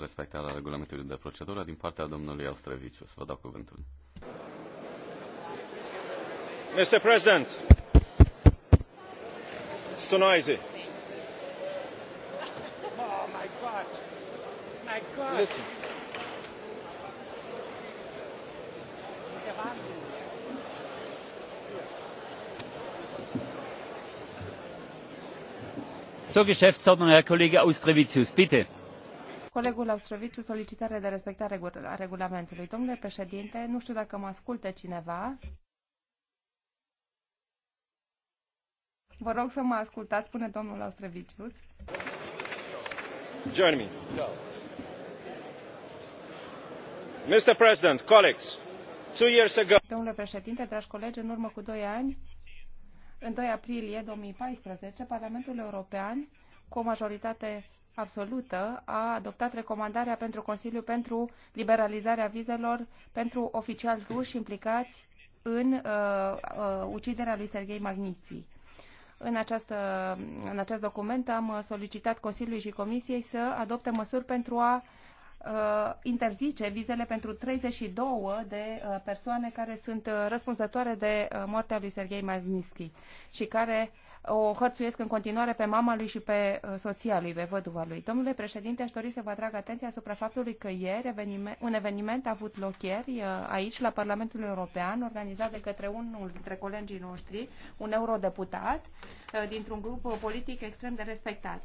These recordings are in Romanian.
respectarea regulamentului de procedură din partea domnului Austreviciu. Să vă dau cuvântul. Mr. President, it's too noisy. Oh my God! My God! Listen. Zur Geschäftsordnung, Herr Kollege Austrevicius, bitte colegul Austroviciu solicitare de respectare a regulamentului. Domnule președinte, nu știu dacă mă ascultă cineva. Vă rog să mă ascultați, spune domnul Austrovicius. Join me. Mr. President, colleagues, two years ago... Domnule președinte, dragi colegi, în urmă cu doi ani, în 2 aprilie 2014, Parlamentul European cu o majoritate absolută, a adoptat recomandarea pentru Consiliu pentru liberalizarea vizelor pentru oficiali ruși implicați în uh, uh, uciderea lui Serghei Magniții. În, această, în acest document am solicitat Consiliului și Comisiei să adopte măsuri pentru a uh, interzice vizele pentru 32 de uh, persoane care sunt uh, răspunzătoare de uh, moartea lui Serghei Magnitsky și care uh, o hărțuiesc în continuare pe mama lui și pe uh, soția lui, pe văduva lui. Domnule președinte, aș dori să vă atrag atenția asupra faptului că ieri eveniment, un eveniment a avut loc ieri uh, aici, la Parlamentul European, organizat de către unul dintre colegii noștri, un eurodeputat, uh, dintr-un grup politic extrem de respectat.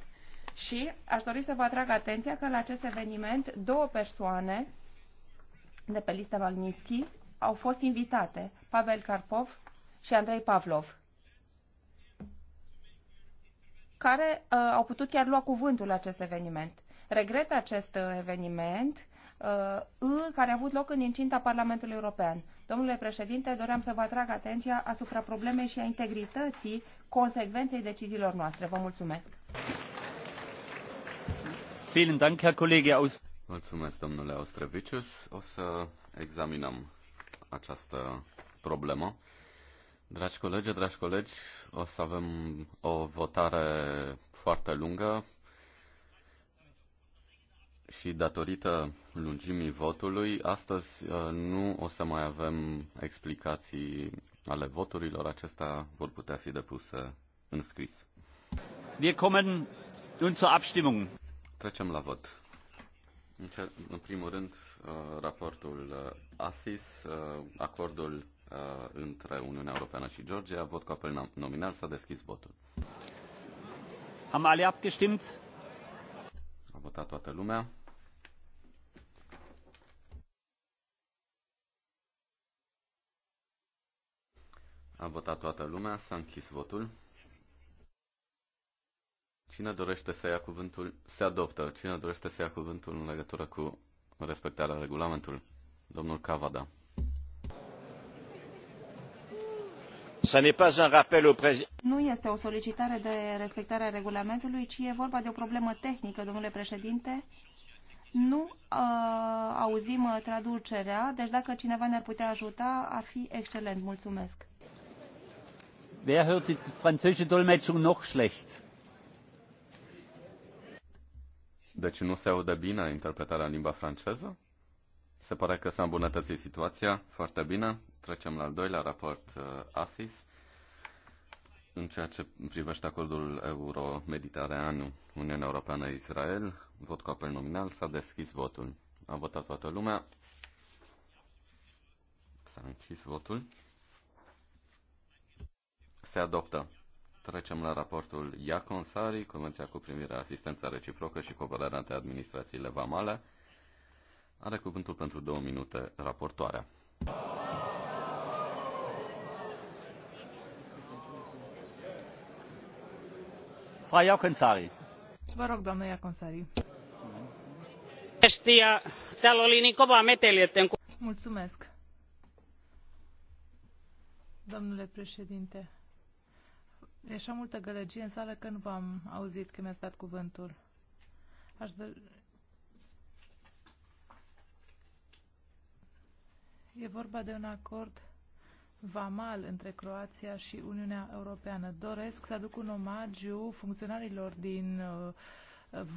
Și aș dori să vă atrag atenția că la acest eveniment două persoane de pe lista Magnitsky au fost invitate, Pavel Karpov și Andrei Pavlov care uh, au putut chiar lua cuvântul la acest eveniment. Regret acest uh, eveniment uh, care a avut loc în incinta Parlamentului European. Domnule președinte, doream să vă atrag atenția asupra problemei și a integrității consecvenței deciziilor noastre. Vă mulțumesc. Mulțumesc, domnule Ostrevicius. O să examinăm această problemă. Dragi colegi, dragi colegi, o să avem o votare foarte lungă și datorită lungimii votului, astăzi uh, nu o să mai avem explicații ale voturilor, acestea vor putea fi depuse în scris. Wir kommen nun zur Abstimmung. Trecem la vot. În primul rând, uh, raportul uh, ASIS, acordul uh, între Uniunea Europeană și Georgia. Vot cu apel nominal s-a deschis votul. Am alle abgestimmt? A votat toată lumea. A votat toată lumea, s-a închis votul. Cine dorește să ia cuvântul, se adoptă. Cine dorește să ia cuvântul în legătură cu respectarea regulamentului? Domnul Cavada. Nu este o solicitare de respectare a regulamentului, ci e vorba de o problemă tehnică, domnule președinte. Nu uh, auzim uh, traducerea, deci dacă cineva ne-ar putea ajuta, ar fi excelent. Mulțumesc. Wer hört die französische Dolmetschung noch schlecht? Deci nu se aude bine interpretarea în limba franceză? Se pare că s-a îmbunătățit situația foarte bine. Trecem la al doilea raport uh, ASIS în ceea ce privește acordul euro mediteraneanu Uniunea Europeană-Israel. Vot cu apel nominal. S-a deschis votul. A votat toată lumea. S-a închis votul. Se adoptă. Trecem la raportul Iaconsari, Convenția cu primirea asistența reciprocă și cooperarea între administrațiile vamale. Are cuvântul pentru două minute raportoarea. Vă rog, Mulțumesc. Domnule președinte, e așa multă gălăgie în sală că nu v-am auzit că mi-ați dat cuvântul. Aș dă... E vorba de un acord vamal între Croația și Uniunea Europeană. Doresc să aduc un omagiu funcționarilor din uh,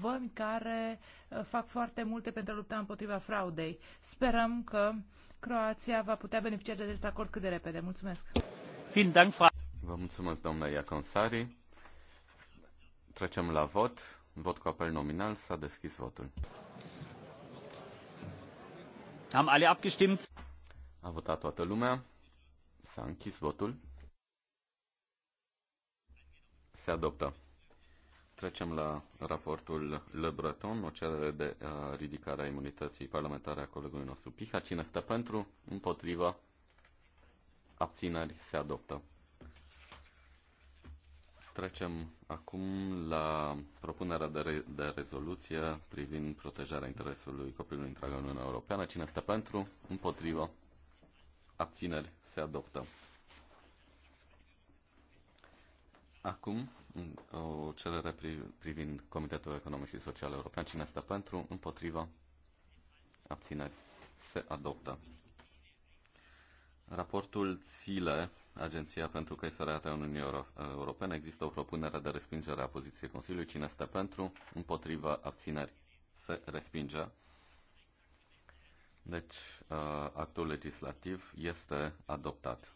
vămi care uh, fac foarte multe pentru a lupta împotriva fraudei. Sperăm că Croația va putea beneficia de acest acord cât de repede. Mulțumesc! Vă mulțumesc, domnule Iaconsari. Trecem la vot. Vot cu apel nominal. S-a deschis votul. Am alle abgestimmt? A votat toată lumea. S-a închis votul. Se adoptă. Trecem la raportul Le Breton, o cerere de uh, ridicare a imunității parlamentare a colegului nostru Piha. Cine stă pentru? Împotrivă? Abțineri? Se adoptă. Trecem acum la propunerea de, re- de rezoluție privind protejarea interesului copilului întreaga Uniunea Europeană. Cine stă pentru? Împotrivă? abțineri se adoptă. Acum, o cerere privind Comitetul Economic și Social European. Cine este pentru? Împotriva? Abțineri. Se adoptă. Raportul Țile, Agenția pentru Căi Ferate în Uniunii Europene, există o propunere de respingere a poziției Consiliului. Cine este pentru? Împotriva? Abțineri. Se respinge. Deci, uh, actul legislativ este adoptat.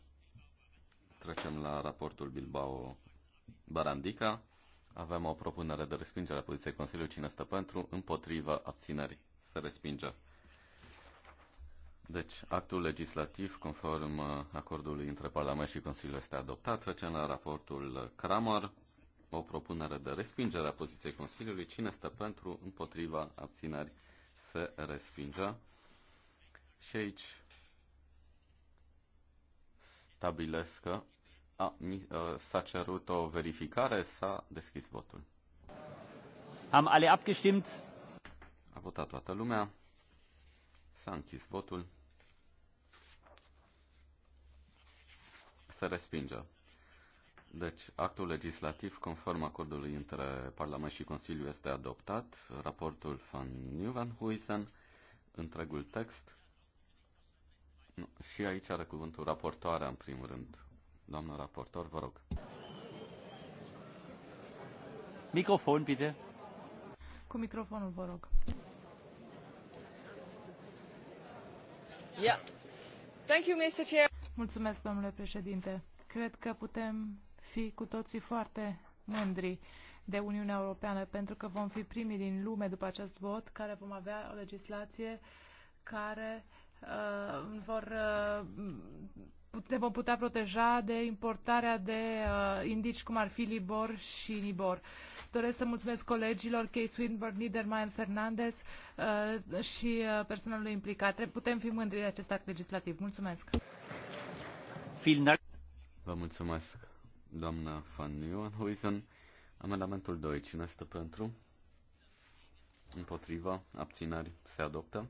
Trecem la raportul Bilbao Barandica. Avem o propunere de respingere a poziției Consiliului. Cine stă pentru? Împotriva abținerii. Se respinge. Deci, actul legislativ, conform uh, acordului între Parlament și Consiliul, este adoptat. Trecem la raportul Kramer. O propunere de respingere a poziției Consiliului. Cine stă pentru? Împotriva abținerii. Se respinge. Și aici stabilesc că a, s-a cerut o verificare, s-a deschis votul. Am ale abgestimmt? A votat toată lumea. S-a închis votul. Se respinge. Deci, actul legislativ conform acordului între Parlament și Consiliu este adoptat. Raportul van Nieuwenhuizen, întregul text, și aici are cuvântul raportoarea, în primul rând. Doamna raportor, vă rog. Microfon, bine. Cu microfonul, vă rog. Yeah. Thank you, Mr. Chair. Mulțumesc, domnule președinte. Cred că putem fi cu toții foarte mândri de Uniunea Europeană, pentru că vom fi primii din lume după acest vot care vom avea o legislație care uh, vor, uh, te vom putea proteja de importarea de uh, indici cum ar fi Libor și Nibor. Doresc să mulțumesc colegilor Case Swinburne, Niedermayer, Fernandez uh, și uh, personalul implicat. Putem fi mândri de acest act legislativ. Mulțumesc! Vă mulțumesc, doamna Van Nieuwenhuizen. Amendamentul 2. Cine stă pentru? Împotriva? Abținări? Se adoptă?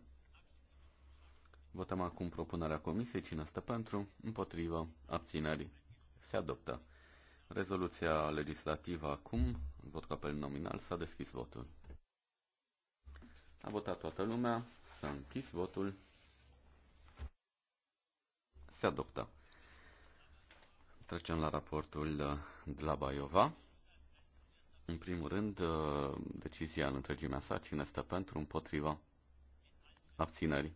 Votăm acum propunerea comisiei. Cine stă pentru? Împotrivă. Abținerii. Se adoptă. Rezoluția legislativă acum, vot cu apel nominal, s-a deschis votul. A votat toată lumea, s-a închis votul. Se adoptă. Trecem la raportul de la Baiova. În primul rând, decizia în întregimea sa, cine stă pentru, împotriva, abținerii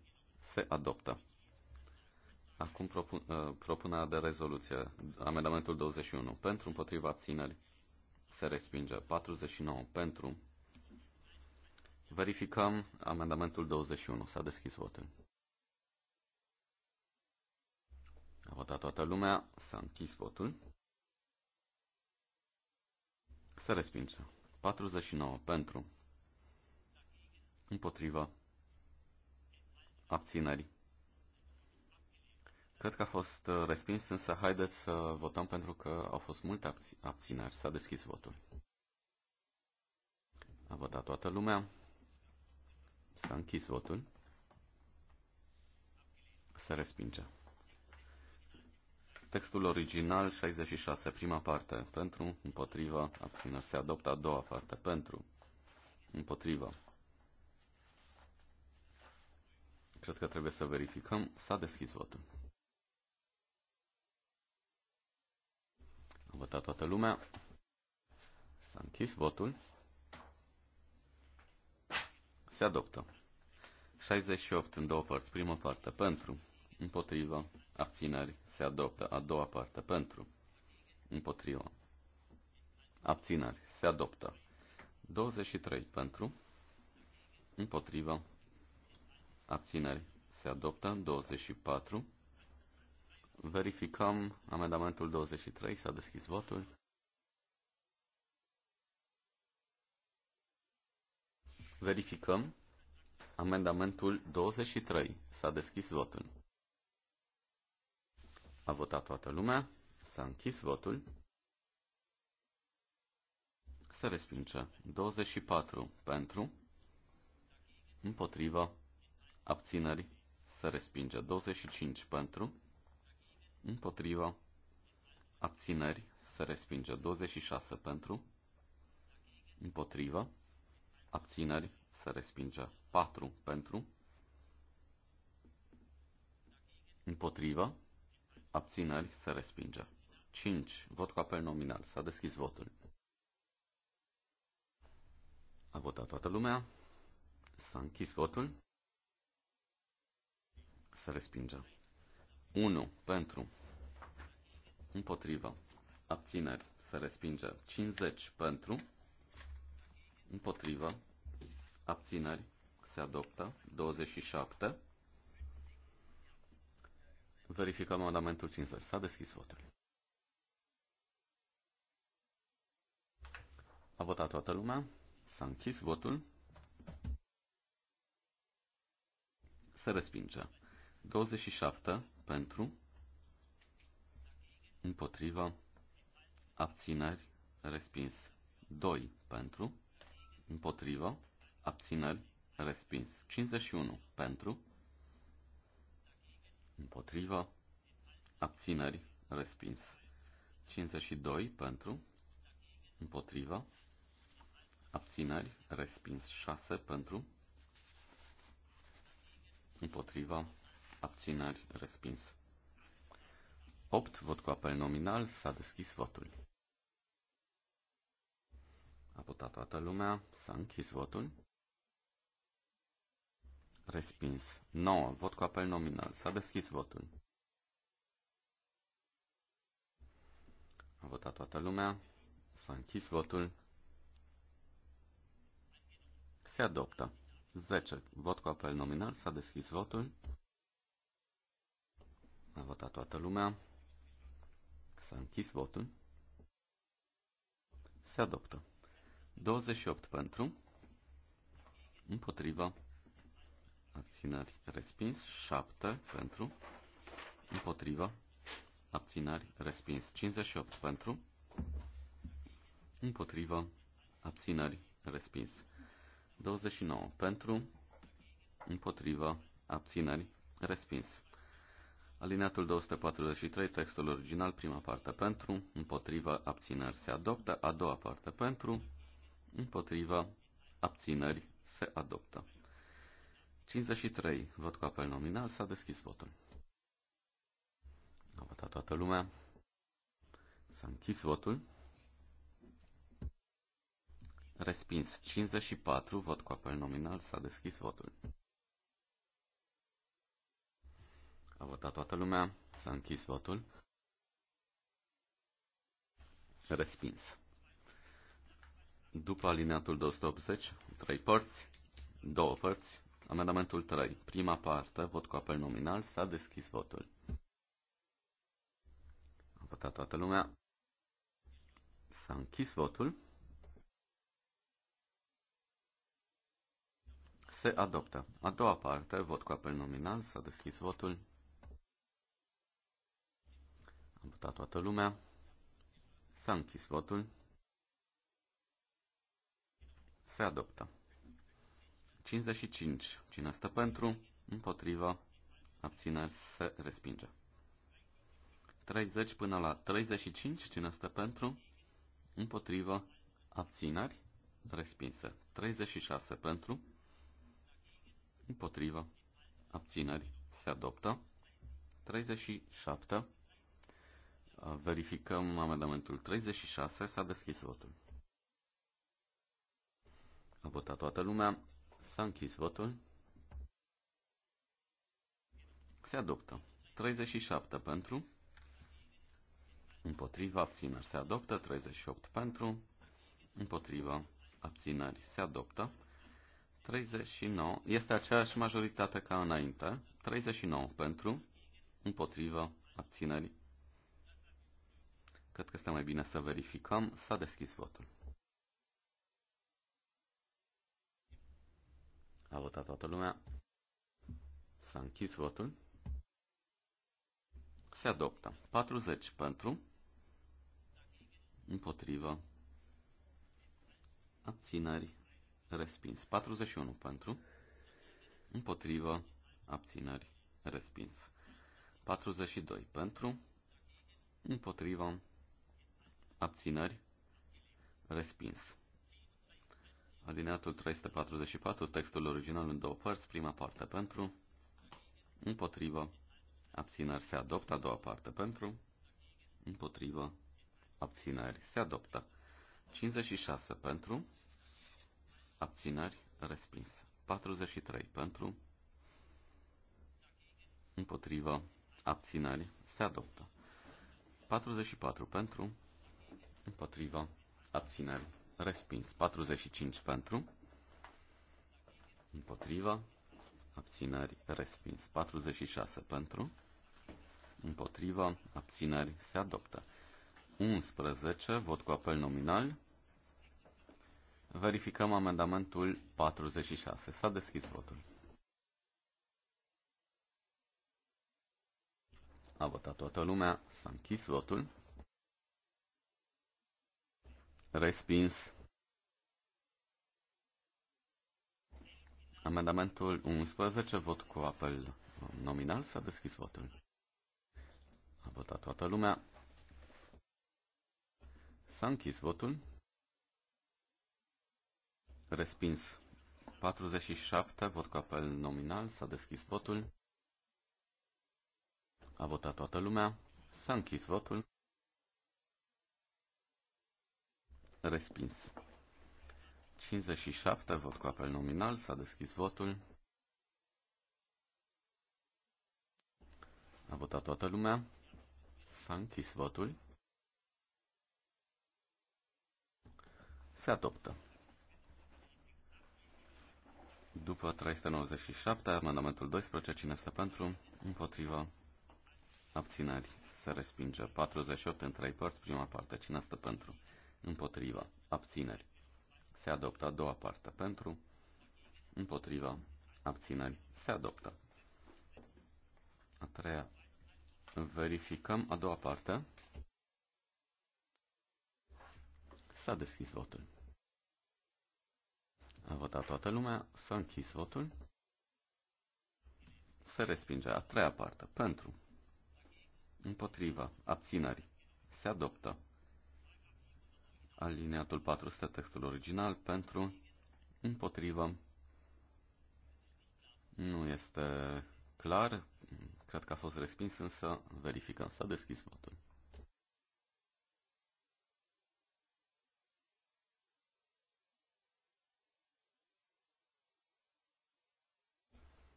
se adoptă. Acum uh, propunerea de rezoluție, amendamentul 21. Pentru împotriva țineri se respinge. 49 pentru. Verificăm amendamentul 21. S-a deschis votul. A votat toată lumea, s-a închis votul. Se respinge. 49 pentru. Împotriva abținerii. Cred că a fost uh, respins, însă haideți să votăm pentru că au fost multe abțineri. S-a deschis votul. A votat toată lumea. S-a închis votul. Se respinge. Textul original 66, prima parte, pentru, împotriva, abțineri. Se adoptă a doua parte, pentru, împotriva, Cred că trebuie să verificăm. S-a deschis votul. A votat toată lumea. S-a închis votul. Se adoptă. 68 în două părți. Prima parte pentru, împotriva, abțineri, se adoptă. A doua parte pentru, împotriva, abțineri, se adoptă. 23 pentru, împotriva, abțineri se adoptă, 24. Verificăm amendamentul 23, s-a deschis votul. Verificăm amendamentul 23, s-a deschis votul. A votat toată lumea, s-a închis votul. Se respinge. 24 pentru, împotriva, abțineri, se respinge. 25 pentru, împotriva, abțineri, se respinge. 26 pentru, împotriva, abțineri, se respinge. 4 pentru, împotriva, abțineri, se respinge. 5. Vot cu apel nominal. S-a deschis votul. A votat toată lumea. S-a închis votul. Se respinge. 1 pentru. Împotrivă. Abțineri. Se respinge. 50 pentru. Împotrivă. Abțineri. Se adoptă. 27. Verificăm amendamentul 50. S-a deschis votul. A votat toată lumea. S-a închis votul. Se respinge. 27 pentru, împotriva, abțineri, respins. 2 pentru, împotriva, abțineri, respins. 51 pentru, împotriva, abțineri, respins. 52 pentru, împotriva, abțineri, respins. 6 pentru, împotriva, abțineri, respins. 8. Vot cu apel nominal. S-a deschis votul. A votat toată lumea. S-a închis votul. Respins. 9. Vot cu apel nominal. S-a deschis votul. A votat toată lumea. S-a închis votul. Se adoptă. 10. Vot cu apel nominal. S-a deschis votul. A votat toată lumea. S-a închis votul. Se adoptă. 28 pentru. Împotriva. Abținări respins. 7 pentru. Împotriva. Abținări respins. 58 pentru. Împotriva. Abținări respins. 29 pentru. Împotriva. Abținări respins. Alineatul 243, textul original, prima parte pentru, împotriva, abțineri se adoptă, a doua parte pentru, împotriva, abțineri se adoptă. 53. Vot cu apel nominal. S-a deschis votul. A votat toată lumea. S-a închis votul. Respins 54. Vot cu apel nominal. S-a deschis votul. A votat toată lumea. S-a închis votul. Respins. După alineatul 280, trei părți, două părți, amendamentul 3, prima parte, vot cu apel nominal, s-a deschis votul. A votat toată lumea. S-a închis votul. Se adoptă. A doua parte, vot cu apel nominal, s-a deschis votul. Am votat toată lumea. S-a închis votul. Se adoptă. 55. Cine stă pentru? Împotriva. Abțineri se respinge. 30 până la 35. Cine stă pentru? Împotriva. Abțineri respinse. 36 pentru. Împotriva. Abțineri se adoptă. 37 Verificăm amendamentul 36. S-a deschis votul. A votat toată lumea. S-a închis votul. Se adoptă. 37 pentru. Împotriva abțineri se adoptă. 38 pentru. Împotriva abțineri se adoptă. 39. Este aceeași majoritate ca înainte. 39 pentru. Împotriva abțineri Cred că este mai bine să verificăm. S-a deschis votul. A votat toată lumea. S-a închis votul. Se adoptă. 40 pentru. Împotrivă. Abținări. Respins. 41 pentru. Împotrivă. Abținări. Respins. 42 pentru. Împotrivă. Abținări? respins. Adineatul 344, textul original în două părți, prima parte pentru, împotrivă, abținări se adoptă, a doua parte pentru, împotrivă, abținări se adoptă. 56 pentru, abținări, respins. 43 pentru, împotrivă, abținări se adoptă. 44 pentru, împotriva, abțineri, respins. 45 pentru, împotriva, abțineri, respins. 46 pentru, împotriva, abțineri, se adoptă. 11, vot cu apel nominal. Verificăm amendamentul 46. S-a deschis votul. A votat toată lumea, s-a închis votul. Respins. Amendamentul 11, vot cu apel nominal, s-a deschis votul. A votat toată lumea. S-a închis votul. Respins. 47, vot cu apel nominal, s-a deschis votul. A votat toată lumea. S-a închis votul. Respins. 57. Vot cu apel nominal. S-a deschis votul. A votat toată lumea. S-a închis votul. Se adoptă. După 397, amendamentul 12, cine este pentru? Împotriva. Abținerii. Se respinge. 48 în 3 părți, prima parte. Cine este pentru? împotriva, abțineri. Se adoptă a doua parte pentru, împotriva, abțineri. Se adoptă. A treia. Verificăm a doua parte. S-a deschis votul. A votat toată lumea, s-a închis votul. Se respinge a treia parte. Pentru. Împotriva. Abținări. Se adoptă. Alineatul 400 textul original pentru, împotrivă. Nu este clar, cred că a fost respins, însă verificăm. S-a deschis votul.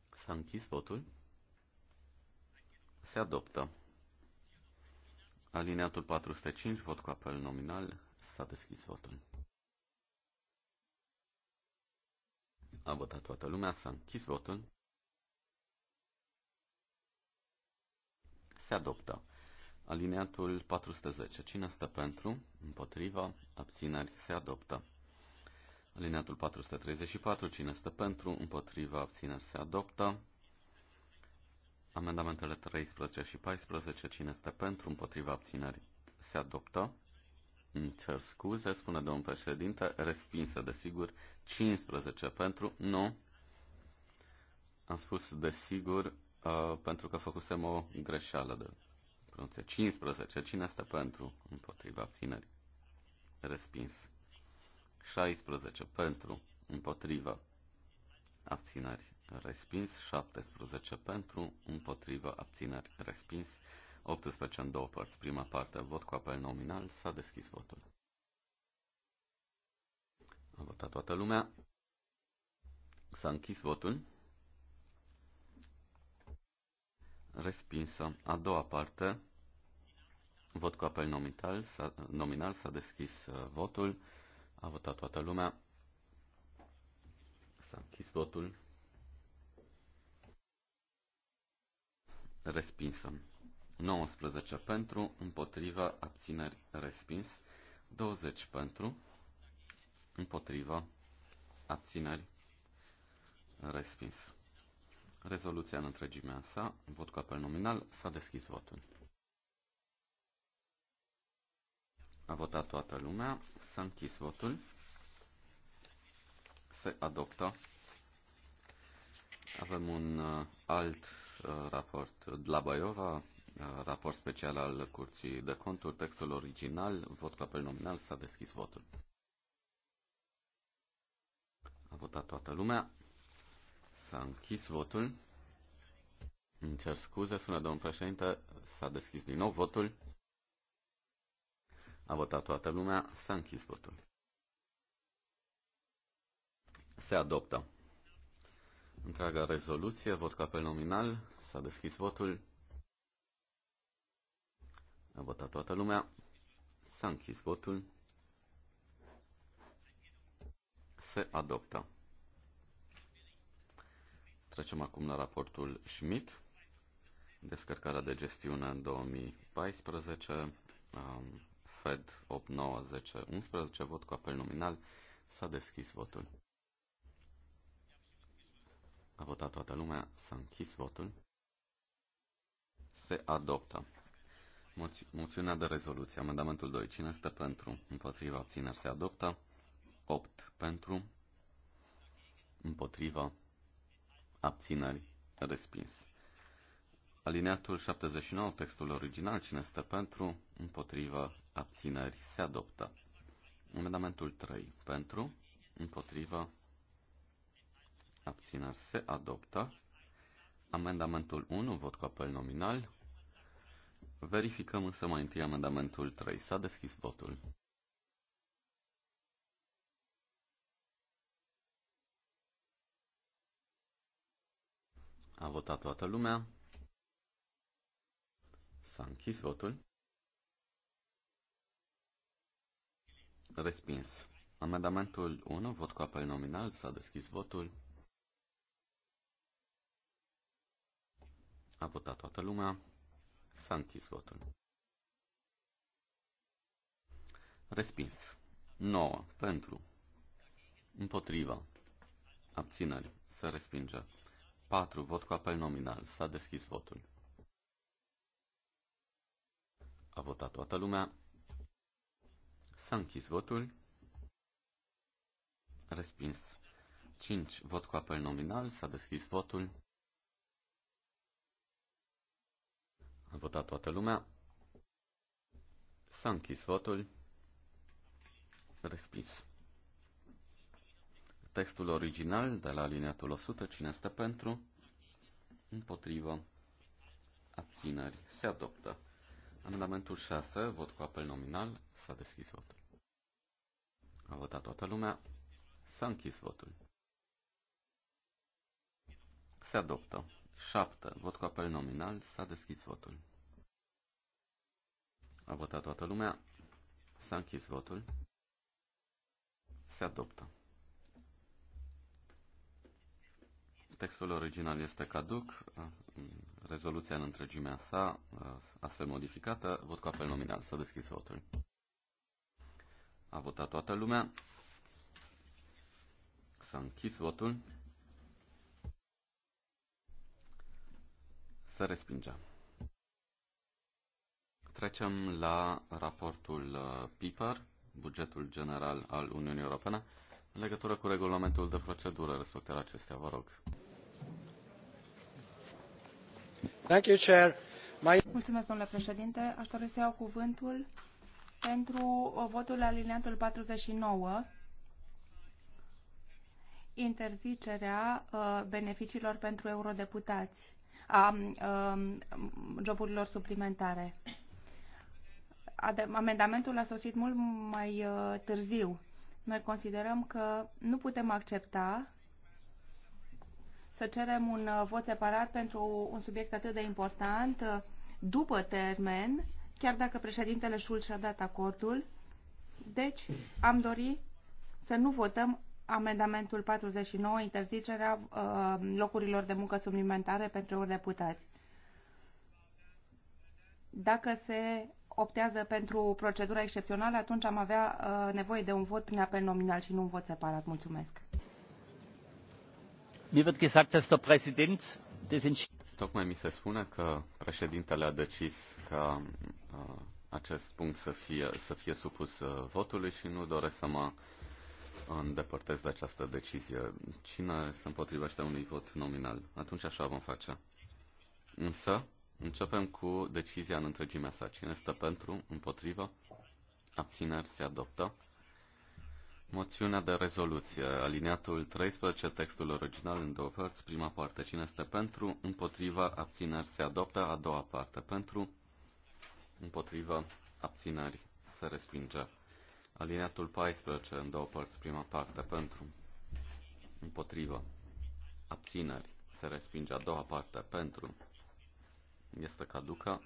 S-a închis votul. Se adoptă. Alineatul 405, vot cu apel nominal. S-a deschis votul. A votat toată lumea, s-a închis votul. Se adoptă. Alineatul 410. Cine stă pentru? Împotriva? Abțineri? Se adoptă. Alineatul 434. Cine stă pentru? Împotriva? Abțineri? Se adoptă. Amendamentele 13 și 14. Cine stă pentru? Împotriva? Abțineri? Se adoptă. Îmi cer scuze, spune domnul președinte, respinsă, desigur, 15 pentru, nu. Am spus desigur uh, pentru că făcusem o greșeală de pronunție. 15, cine este pentru? Împotriva abținerii. Respins. 16 pentru, împotriva abținerii, respins, 17 pentru, împotriva abținerii, respins, 18 în două părți. Prima parte, vot cu apel nominal, s-a deschis votul. A votat toată lumea. S-a închis votul. Respinsă. A doua parte, vot cu apel nominal, s-a, nominal, s-a deschis uh, votul. A votat toată lumea. S-a închis votul. Respinsă. 19 pentru, împotriva, abțineri, respins. 20 pentru, împotriva, abțineri, respins. Rezoluția în întregimea sa, vot cu apel nominal, s-a deschis votul. A votat toată lumea, s-a închis votul, se adoptă. Avem un uh, alt uh, raport de la Baiova, raport special al Curții de Conturi, textul original, vot cu apel nominal, s-a deschis votul. A votat toată lumea, s-a închis votul. Îmi cer scuze, sună domnul președinte, s-a deschis din nou votul. A votat toată lumea, s-a închis votul. Se adoptă. Întreaga rezoluție, vot cu pe nominal, s-a deschis votul. A votat toată lumea. S-a închis votul. Se adoptă. Trecem acum la raportul Schmidt. Descărcarea de gestiune în 2014. Um, Fed 8, 9, 10, 11. Vot cu apel nominal. S-a deschis votul. A votat toată lumea. S-a închis votul. Se adoptă. Moți- moțiunea de rezoluție, amendamentul 2. Cine este pentru? Împotriva abțineri se adoptă. 8 pentru. Împotriva abțineri respins. Alineatul 79, textul original, cine este pentru? Împotriva abțineri se adoptă. Amendamentul 3 pentru. Împotriva abțineri se adoptă. Amendamentul 1, vot cu apel nominal. Verificăm însă mai întâi amendamentul 3. S-a deschis votul. A votat toată lumea. S-a închis votul. Respins. Amendamentul 1, vot cu apel nominal, s-a deschis votul. A votat toată lumea. S-a închis votul. Respins. 9. Pentru. Împotriva. Abțineri. să respinge. 4. Vot cu apel nominal. S-a deschis votul. A votat toată lumea. S-a închis votul. Respins. 5. Vot cu apel nominal. S-a deschis votul. A votat toată lumea. S-a închis votul. Respins. Textul original de la alineatul 100, cine este pentru? Împotrivă. Abțineri. Se adoptă. Amendamentul 6, vot cu apel nominal, s-a deschis votul. A votat toată lumea. S-a închis votul. Se adoptă. 7. Vot cu apel nominal. S-a deschis votul. A votat toată lumea. S-a închis votul. Se adoptă. Textul original este caduc, rezoluția în întregimea sa, astfel modificată, vot cu apel nominal, S-a deschis votul. A votat toată lumea, s-a închis votul. Să respingem. Trecem la raportul uh, PIPER, bugetul general al Uniunii Europene, în legătură cu regulamentul de procedură, respectarea acestea, vă rog. Thank you, Chair. My... Mulțumesc, domnule președinte. Aș dori să iau cuvântul pentru uh, votul la alineatul 49, interzicerea uh, beneficiilor pentru eurodeputați a um, um, joburilor suplimentare. Amendamentul a sosit mult mai uh, târziu. Noi considerăm că nu putem accepta să cerem un uh, vot separat pentru un subiect atât de important uh, după termen, chiar dacă președintele Schulz și-a dat acordul. Deci, am dori să nu votăm amendamentul 49, interzicerea uh, locurilor de muncă suplimentare pentru deputați. Dacă se optează pentru procedura excepțională, atunci am avea uh, nevoie de un vot prin apel nominal și nu un vot separat. Mulțumesc. mi wird gesagt, dass der Präsident Tocmai mi se spune că președintele a decis ca uh, acest punct să fie, să fie supus votului și nu doresc să mă îndepărtez de această decizie. Cine se împotrivește unui vot nominal? Atunci așa vom face. Însă, începem cu decizia în întregimea sa. Cine stă pentru, împotrivă, abțineri se adoptă. Moțiunea de rezoluție, aliniatul 13, textul original în două părți, prima parte, cine este pentru, împotriva, abțineri se adoptă, a doua parte, pentru, împotriva, abțineri se respinge. Aliniatul 14 în două părți, prima parte pentru, împotrivă, abțineri, se respinge a doua parte pentru, este caducă.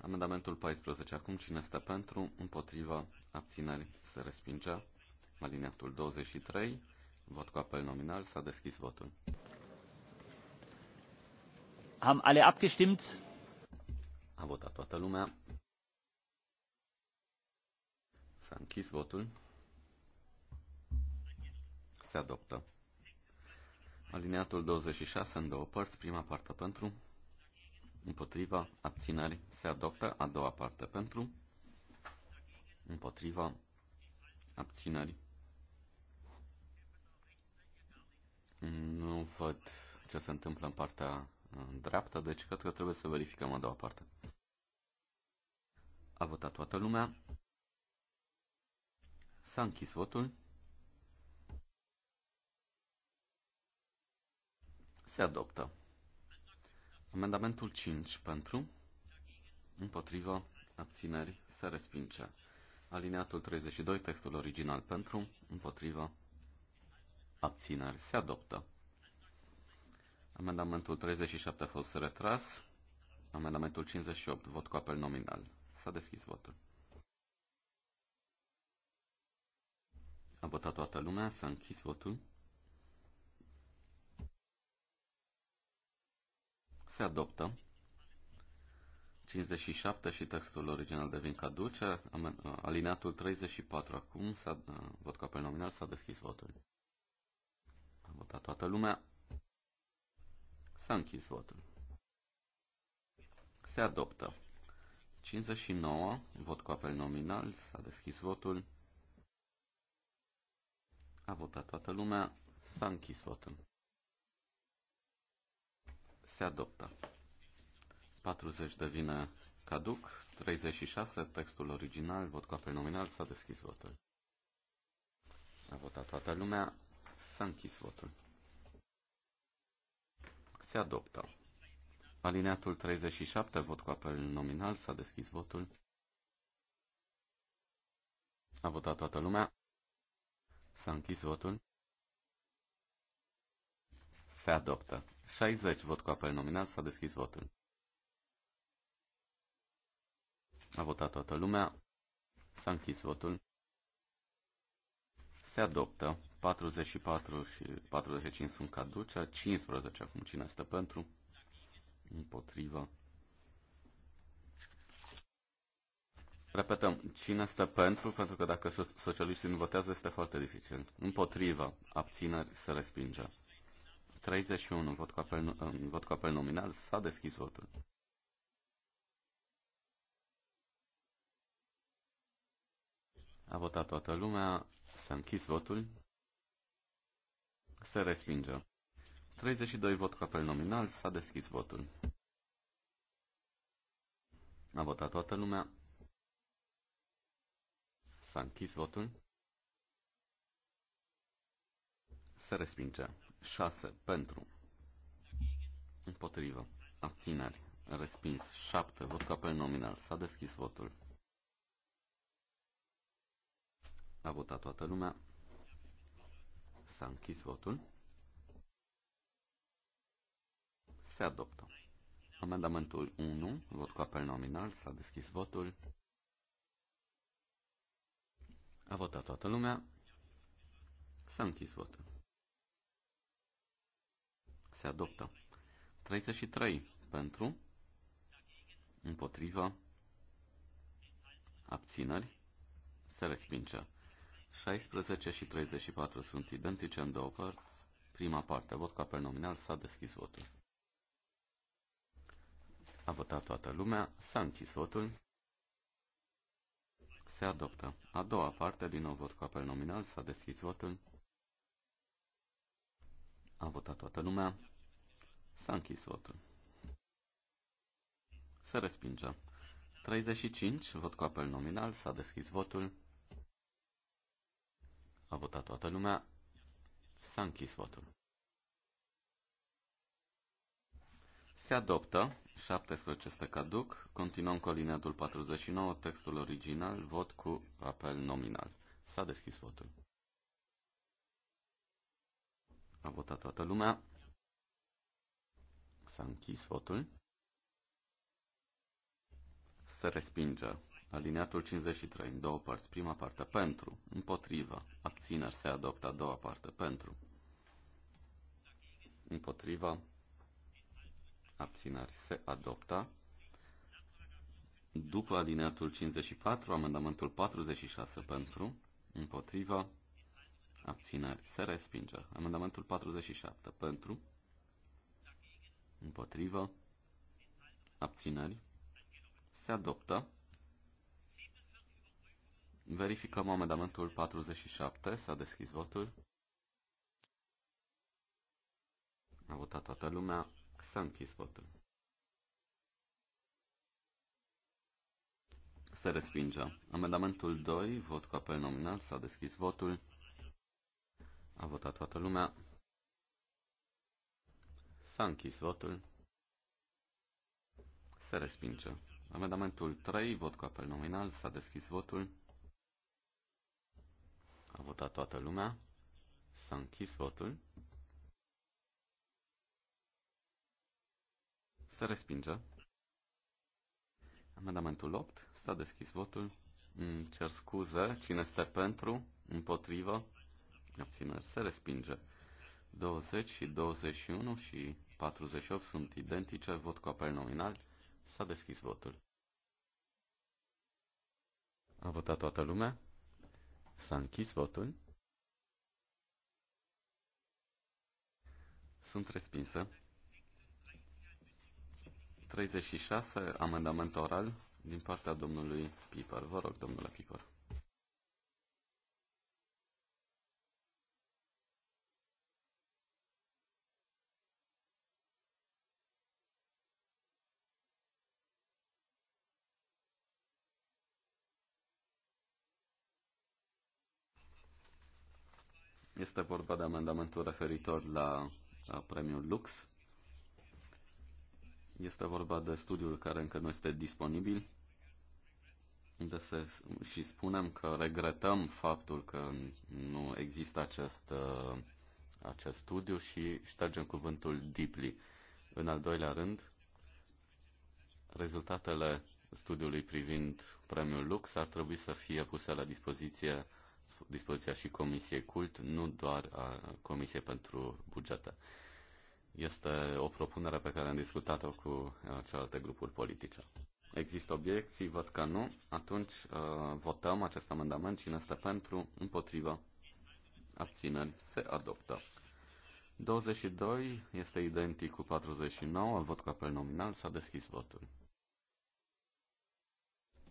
Amendamentul 14. Acum cine este pentru, împotriva, abțineri, se respinge. Aliniatul 23. Vot cu apel nominal. S-a deschis votul. Am ale abgestimmt? A votat toată lumea. S-a închis votul. Se adoptă. Alineatul 26 în două părți, prima parte pentru, împotriva, abțineri, se adoptă, a doua parte pentru, împotriva, abțineri. Nu văd ce se întâmplă în partea uh, dreaptă, deci cred că trebuie să verificăm a doua parte. A votat toată lumea, S-a închis votul. Se adoptă. Amendamentul 5 pentru, împotrivă, abțineri, se respinge. Alineatul 32, textul original pentru, împotrivă, abțineri, se adoptă. Amendamentul 37 a fost retras. Amendamentul 58, vot cu apel nominal. S-a deschis votul. A votat toată lumea, s-a închis votul. Se adoptă. 57 și textul original devin caduce. Alineatul 34 acum, s-a, uh, vot ca pe nominal, s-a deschis votul. A votat toată lumea. S-a închis votul. Se adoptă. 59, vot cu apel nominal, s-a deschis votul. A votat toată lumea. S-a închis votul. Se adoptă. 40 devine caduc. 36, textul original, vot cu apel nominal, s-a deschis votul. A votat toată lumea. S-a închis votul. Se adoptă. Alineatul 37, vot cu apel nominal, s-a deschis votul. A votat toată lumea. S-a închis votul. Se adoptă. 60. Vot cu apel nominal. S-a deschis votul. A votat toată lumea. S-a închis votul. Se adoptă. 44 și 45 sunt caduce. 15 acum. Cine stă pentru? Împotrivă. Repetăm, cine este pentru, pentru că dacă socialiștii nu votează este foarte dificil. Împotrivă, abțineri, se respinge. 31, vot cu apel, vot cu apel nominal, s-a deschis votul. A votat toată lumea, s-a închis votul, se respinge. 32 vot cu apel nominal, s-a deschis votul. A votat toată lumea, S-a închis votul. Se respinge. 6 pentru. Împotrivă. Abțineri. Respins. 7. Vot ca pe nominal. S-a deschis votul. A votat toată lumea. S-a închis votul. Se adoptă. Amendamentul 1, vot cu apel nominal, s-a deschis votul. A votat toată lumea. S-a închis votul. Se adoptă. 33 pentru, împotriva, abțineri, se respinge. 16 și 34 sunt identice în două părți. Prima parte, vot cu apel nominal, s-a deschis votul. A votat toată lumea, s-a închis votul se adoptă. A doua parte, din nou vot cu apel nominal, s-a deschis votul. A votat toată lumea. S-a închis votul. Se respinge. 35, vot cu apel nominal, s-a deschis votul. A votat toată lumea. S-a închis votul. Se adoptă. 17 este caduc. Continuăm cu alineatul 49, textul original, vot cu apel nominal. S-a deschis votul. A votat toată lumea. S-a închis votul. Se respinge. Alineatul 53, în două părți. Prima parte pentru, împotriva, abțineri se adoptă a doua parte pentru, împotriva, abținari se adoptă. După alineatul 54, amendamentul 46 pentru, împotriva, abținari se respinge. Amendamentul 47 pentru, împotriva, abțineri se adoptă. Verificăm amendamentul 47. S-a deschis votul. A votat toată lumea. S-a Se respinge. Amendamentul 2, vot cu apel nominal, s-a deschis votul. A votat toată lumea. S-a închis votul. Se respinge. Amendamentul 3, vot cu apel nominal, s-a deschis votul. A votat toată lumea. S-a închis votul. Se respinge. Amendamentul 8. S-a deschis votul. cer scuze. Cine este pentru? Împotrivă? Abțineri. Se respinge. 20 și 21 și 48 sunt identice. Vot cu apel nominal. S-a deschis votul. A votat toată lumea. S-a închis votul. Sunt respinsă. 36, amendament oral din partea domnului Piper. Vă rog, domnule Piper. Este vorba de amendamentul referitor la uh, premiul Lux. Este vorba de studiul care încă nu este disponibil de se, și spunem că regretăm faptul că nu există acest, uh, acest studiu și ștergem cuvântul deeply. În al doilea rând, rezultatele studiului privind premiul Lux ar trebui să fie puse la dispoziție dispoziția și Comisiei Cult, nu doar a Comisiei pentru Bugete. Este o propunere pe care am discutat-o cu uh, celelalte grupuri politice. Există obiecții? Văd că nu. Atunci uh, votăm acest amendament. Cine este pentru? Împotriva? Abțineri? Se adoptă. 22 este identic cu 49. Vot cu apel nominal. S-a deschis votul.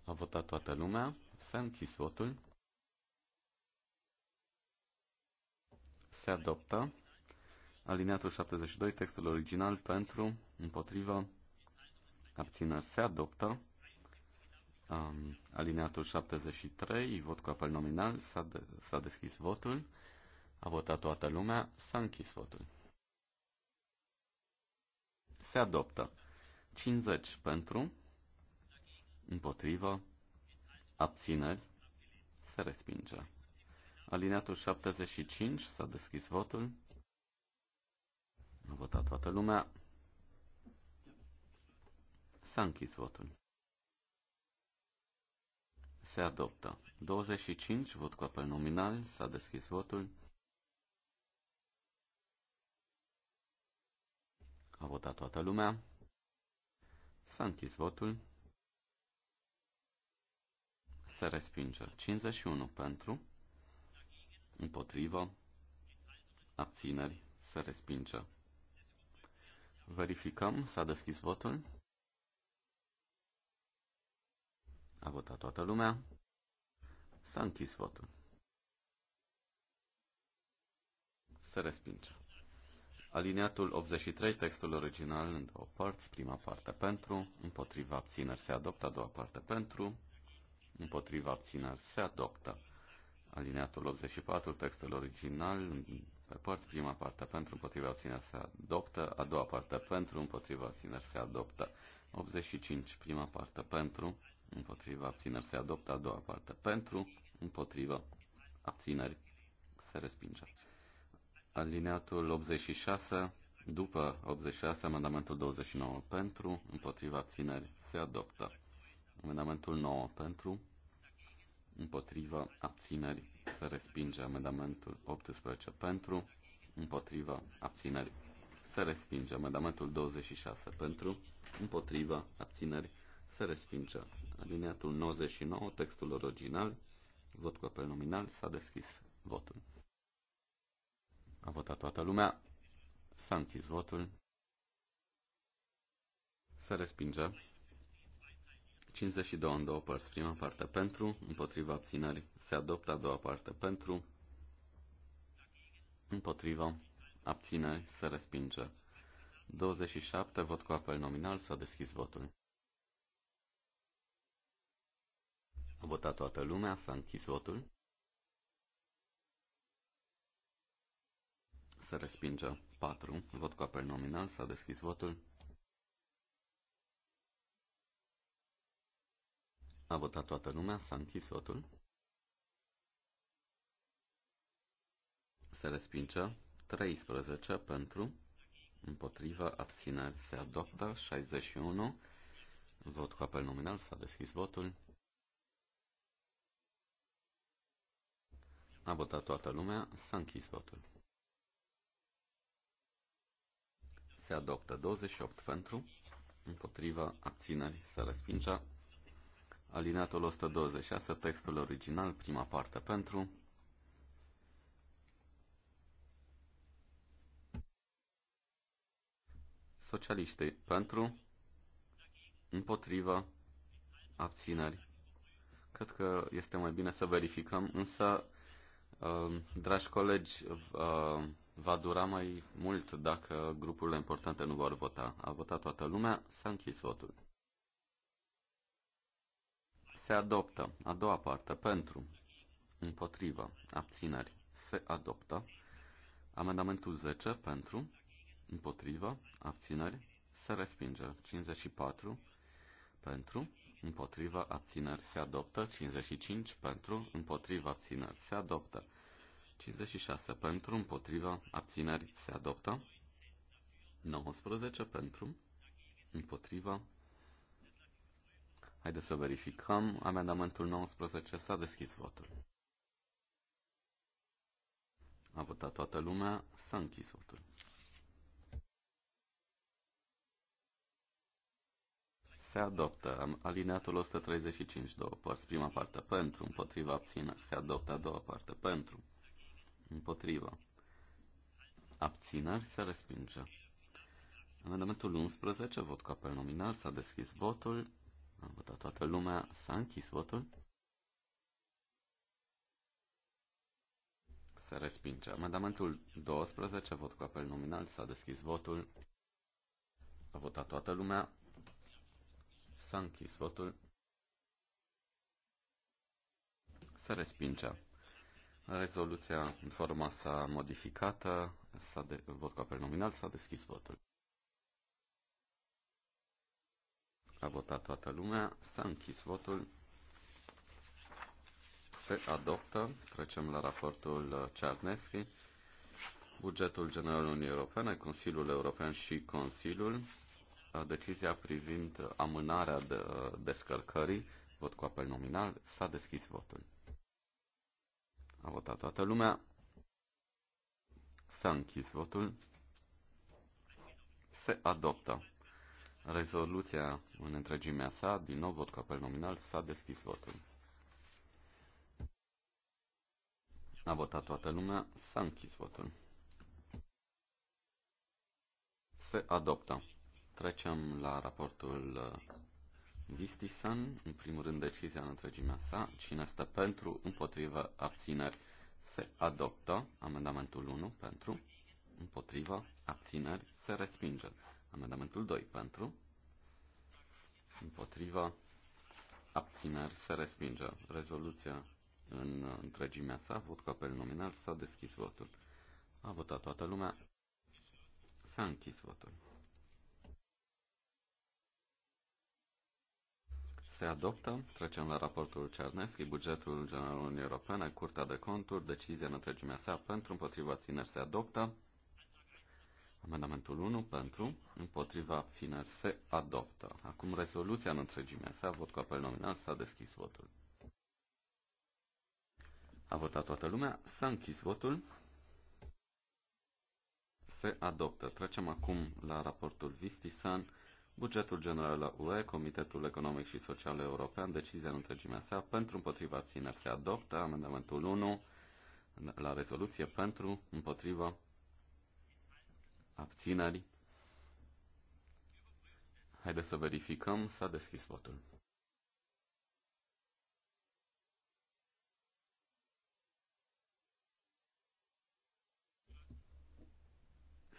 A votat toată lumea. S-a închis votul. Se adoptă. Alineatul 72, textul original pentru, împotriva, abțineri se adoptă. Um, alineatul 73, vot cu apel nominal, s-a, de- s-a deschis votul, a votat toată lumea, s-a închis votul. Se adoptă. 50 pentru, împotrivă, abțineri, se respinge. Alineatul 75, s-a deschis votul, a votat toată lumea. S-a închis votul. Se adoptă. 25, vot cu apel nominal, s-a deschis votul. A votat toată lumea. S-a închis votul. Se respinge. 51 pentru. Împotrivă. Abțineri. Se respinge. Verificăm, s-a deschis votul. A votat toată lumea. S-a închis votul. Se respinge. Aliniatul 83, textul original în două părți, prima parte pentru, împotriva abțineri se adoptă, a doua parte pentru, împotriva abțineri se adoptă. Aliniatul 84, textul original în pe părți, prima parte pentru împotriva abțineri se adoptă, a doua parte pentru împotriva abțineri se adoptă, 85 prima parte pentru împotriva abțineri se adoptă, a doua parte pentru împotriva abțineri se respinge. Alineatul 86 după 86 amendamentul 29 pentru împotriva abțineri se adoptă. Amendamentul 9 pentru împotriva, abțineri, se respinge amendamentul 18 pentru, împotriva, abțineri, se respinge amendamentul 26 pentru, împotriva, abțineri, se respinge alineatul 99, textul original, vot cu apel nominal, s-a deschis votul. A votat toată lumea, s-a închis votul, se respinge 52 în două părți. Prima parte pentru, împotriva abținării, Se adoptă a doua parte pentru, împotriva abținerii. Se respinge. 27. Vot cu apel nominal. S-a deschis votul. A votat toată lumea. S-a închis votul. Se respinge. 4. Vot cu apel nominal. S-a deschis votul. A votat toată lumea, s-a închis votul. Se respinge 13 pentru, împotriva, abțineri, se adoptă 61. Vot cu apel nominal, s-a deschis votul. A votat toată lumea, s-a închis votul. Se adoptă 28 pentru, împotriva, abțineri, se respinge Alinatul 126, textul original, prima parte pentru. Socialiștii pentru. Împotriva. Abțineri. Cred că este mai bine să verificăm, însă, um, dragi colegi, uh, va dura mai mult dacă grupurile importante nu vor vota. A votat toată lumea, s-a închis votul se adoptă. A doua parte, pentru, împotrivă, abțineri, se adoptă. Amendamentul 10, pentru, împotrivă, abțineri, se respinge. 54, pentru, împotriva abțineri se adoptă, 55 pentru, împotriva abțineri se adoptă, 56 pentru, împotriva abțineri se adoptă, 19 pentru, împotriva Haideți să verificăm. Amendamentul 19 s-a deschis votul. A votat toată lumea, s-a închis votul. Se adoptă alineatul 135, două părți, prima parte pentru, împotriva abține, se adoptă a doua parte pentru, împotriva abține se respinge. Amendamentul 11, vot cu apel nominal, s-a deschis votul, a votat toată lumea. S-a închis votul. Se respinge. Amendamentul 12, vot cu apel nominal, s-a deschis votul. A votat toată lumea. S-a închis votul. Se respinge. Rezoluția în forma sa modificată, s-a de, vot cu apel nominal, s-a deschis votul. A votat toată lumea. S-a închis votul. Se adoptă. Trecem la raportul Cernescu, Bugetul General Uniunii Europene, Consiliul European și Consiliul. Decizia privind amânarea de, descărcării, vot cu apel nominal, s-a deschis votul. A votat toată lumea. S-a închis votul. Se adoptă. Rezoluția în întregimea sa, din nou vot cu apel nominal, s-a deschis votul. A votat toată lumea, s-a închis votul. Se adoptă. Trecem la raportul uh, Vistisan, în primul rând decizia în întregimea sa, cine este pentru, împotrivă, abțineri, se adoptă, amendamentul 1, pentru, împotrivă, abțineri, se respinge. Amendamentul 2 pentru. Împotriva. Abțineri se respinge. Rezoluția în întregimea sa, vot cu apel nominal, s-a deschis votul. A votat toată lumea. S-a închis votul. Se adoptă, trecem la raportul Cernescu, bugetul General Uniunii Europene, Curtea de Conturi, decizia în întregimea sa pentru împotriva țineri se adoptă. Amendamentul 1 pentru, împotriva abțineri se adoptă. Acum rezoluția în întregimea sa, vot cu apel nominal, s-a deschis votul. A votat toată lumea, s-a închis votul, se adoptă. Trecem acum la raportul Vistisan, bugetul general la UE, Comitetul Economic și Social European, decizia în întregimea sa, pentru împotriva abțineri se adoptă, amendamentul 1 la rezoluție pentru împotriva abțineri. Haideți să verificăm, s-a deschis votul.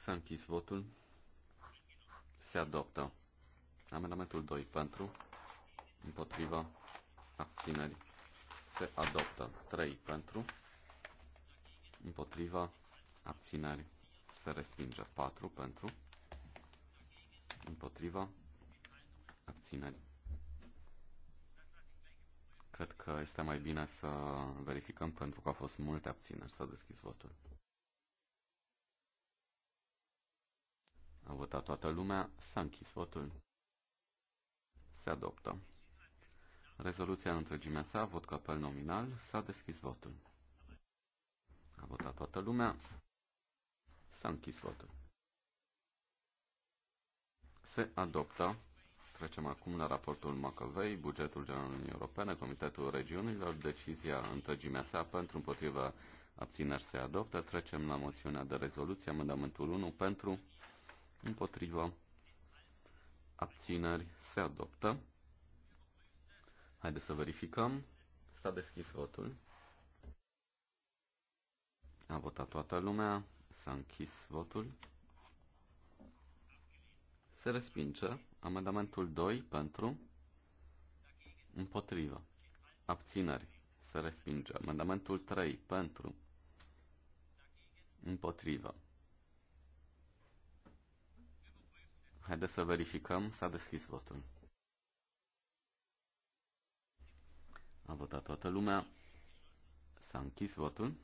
S-a închis votul. Se adoptă. Amendamentul 2 pentru, împotriva, abțineri. Se adoptă. 3 pentru, împotriva, abțineri se respinge. 4 pentru, împotriva, abțineri. Cred că este mai bine să verificăm pentru că au fost multe abțineri. S-a deschis votul. A votat toată lumea, s-a închis votul. Se adoptă. Rezoluția în întregimea sa, vot cu apel nominal, s-a deschis votul. A votat toată lumea, S-a închis votul. Se adoptă. Trecem acum la raportul Macovei, bugetul General Uniunii Europene, Comitetul Regiunilor, decizia întregimea sa pentru împotriva abțineri se adoptă. Trecem la moțiunea de rezoluție, amendamentul 1 pentru împotriva abțineri se adoptă. Haideți să verificăm. S-a deschis votul. A votat toată lumea. S-a închis votul. Se respinge amendamentul 2 pentru împotrivă. Abțineri. Se respinge amendamentul 3 pentru împotrivă. Haideți să verificăm. S-a deschis votul. A votat toată lumea. S-a închis votul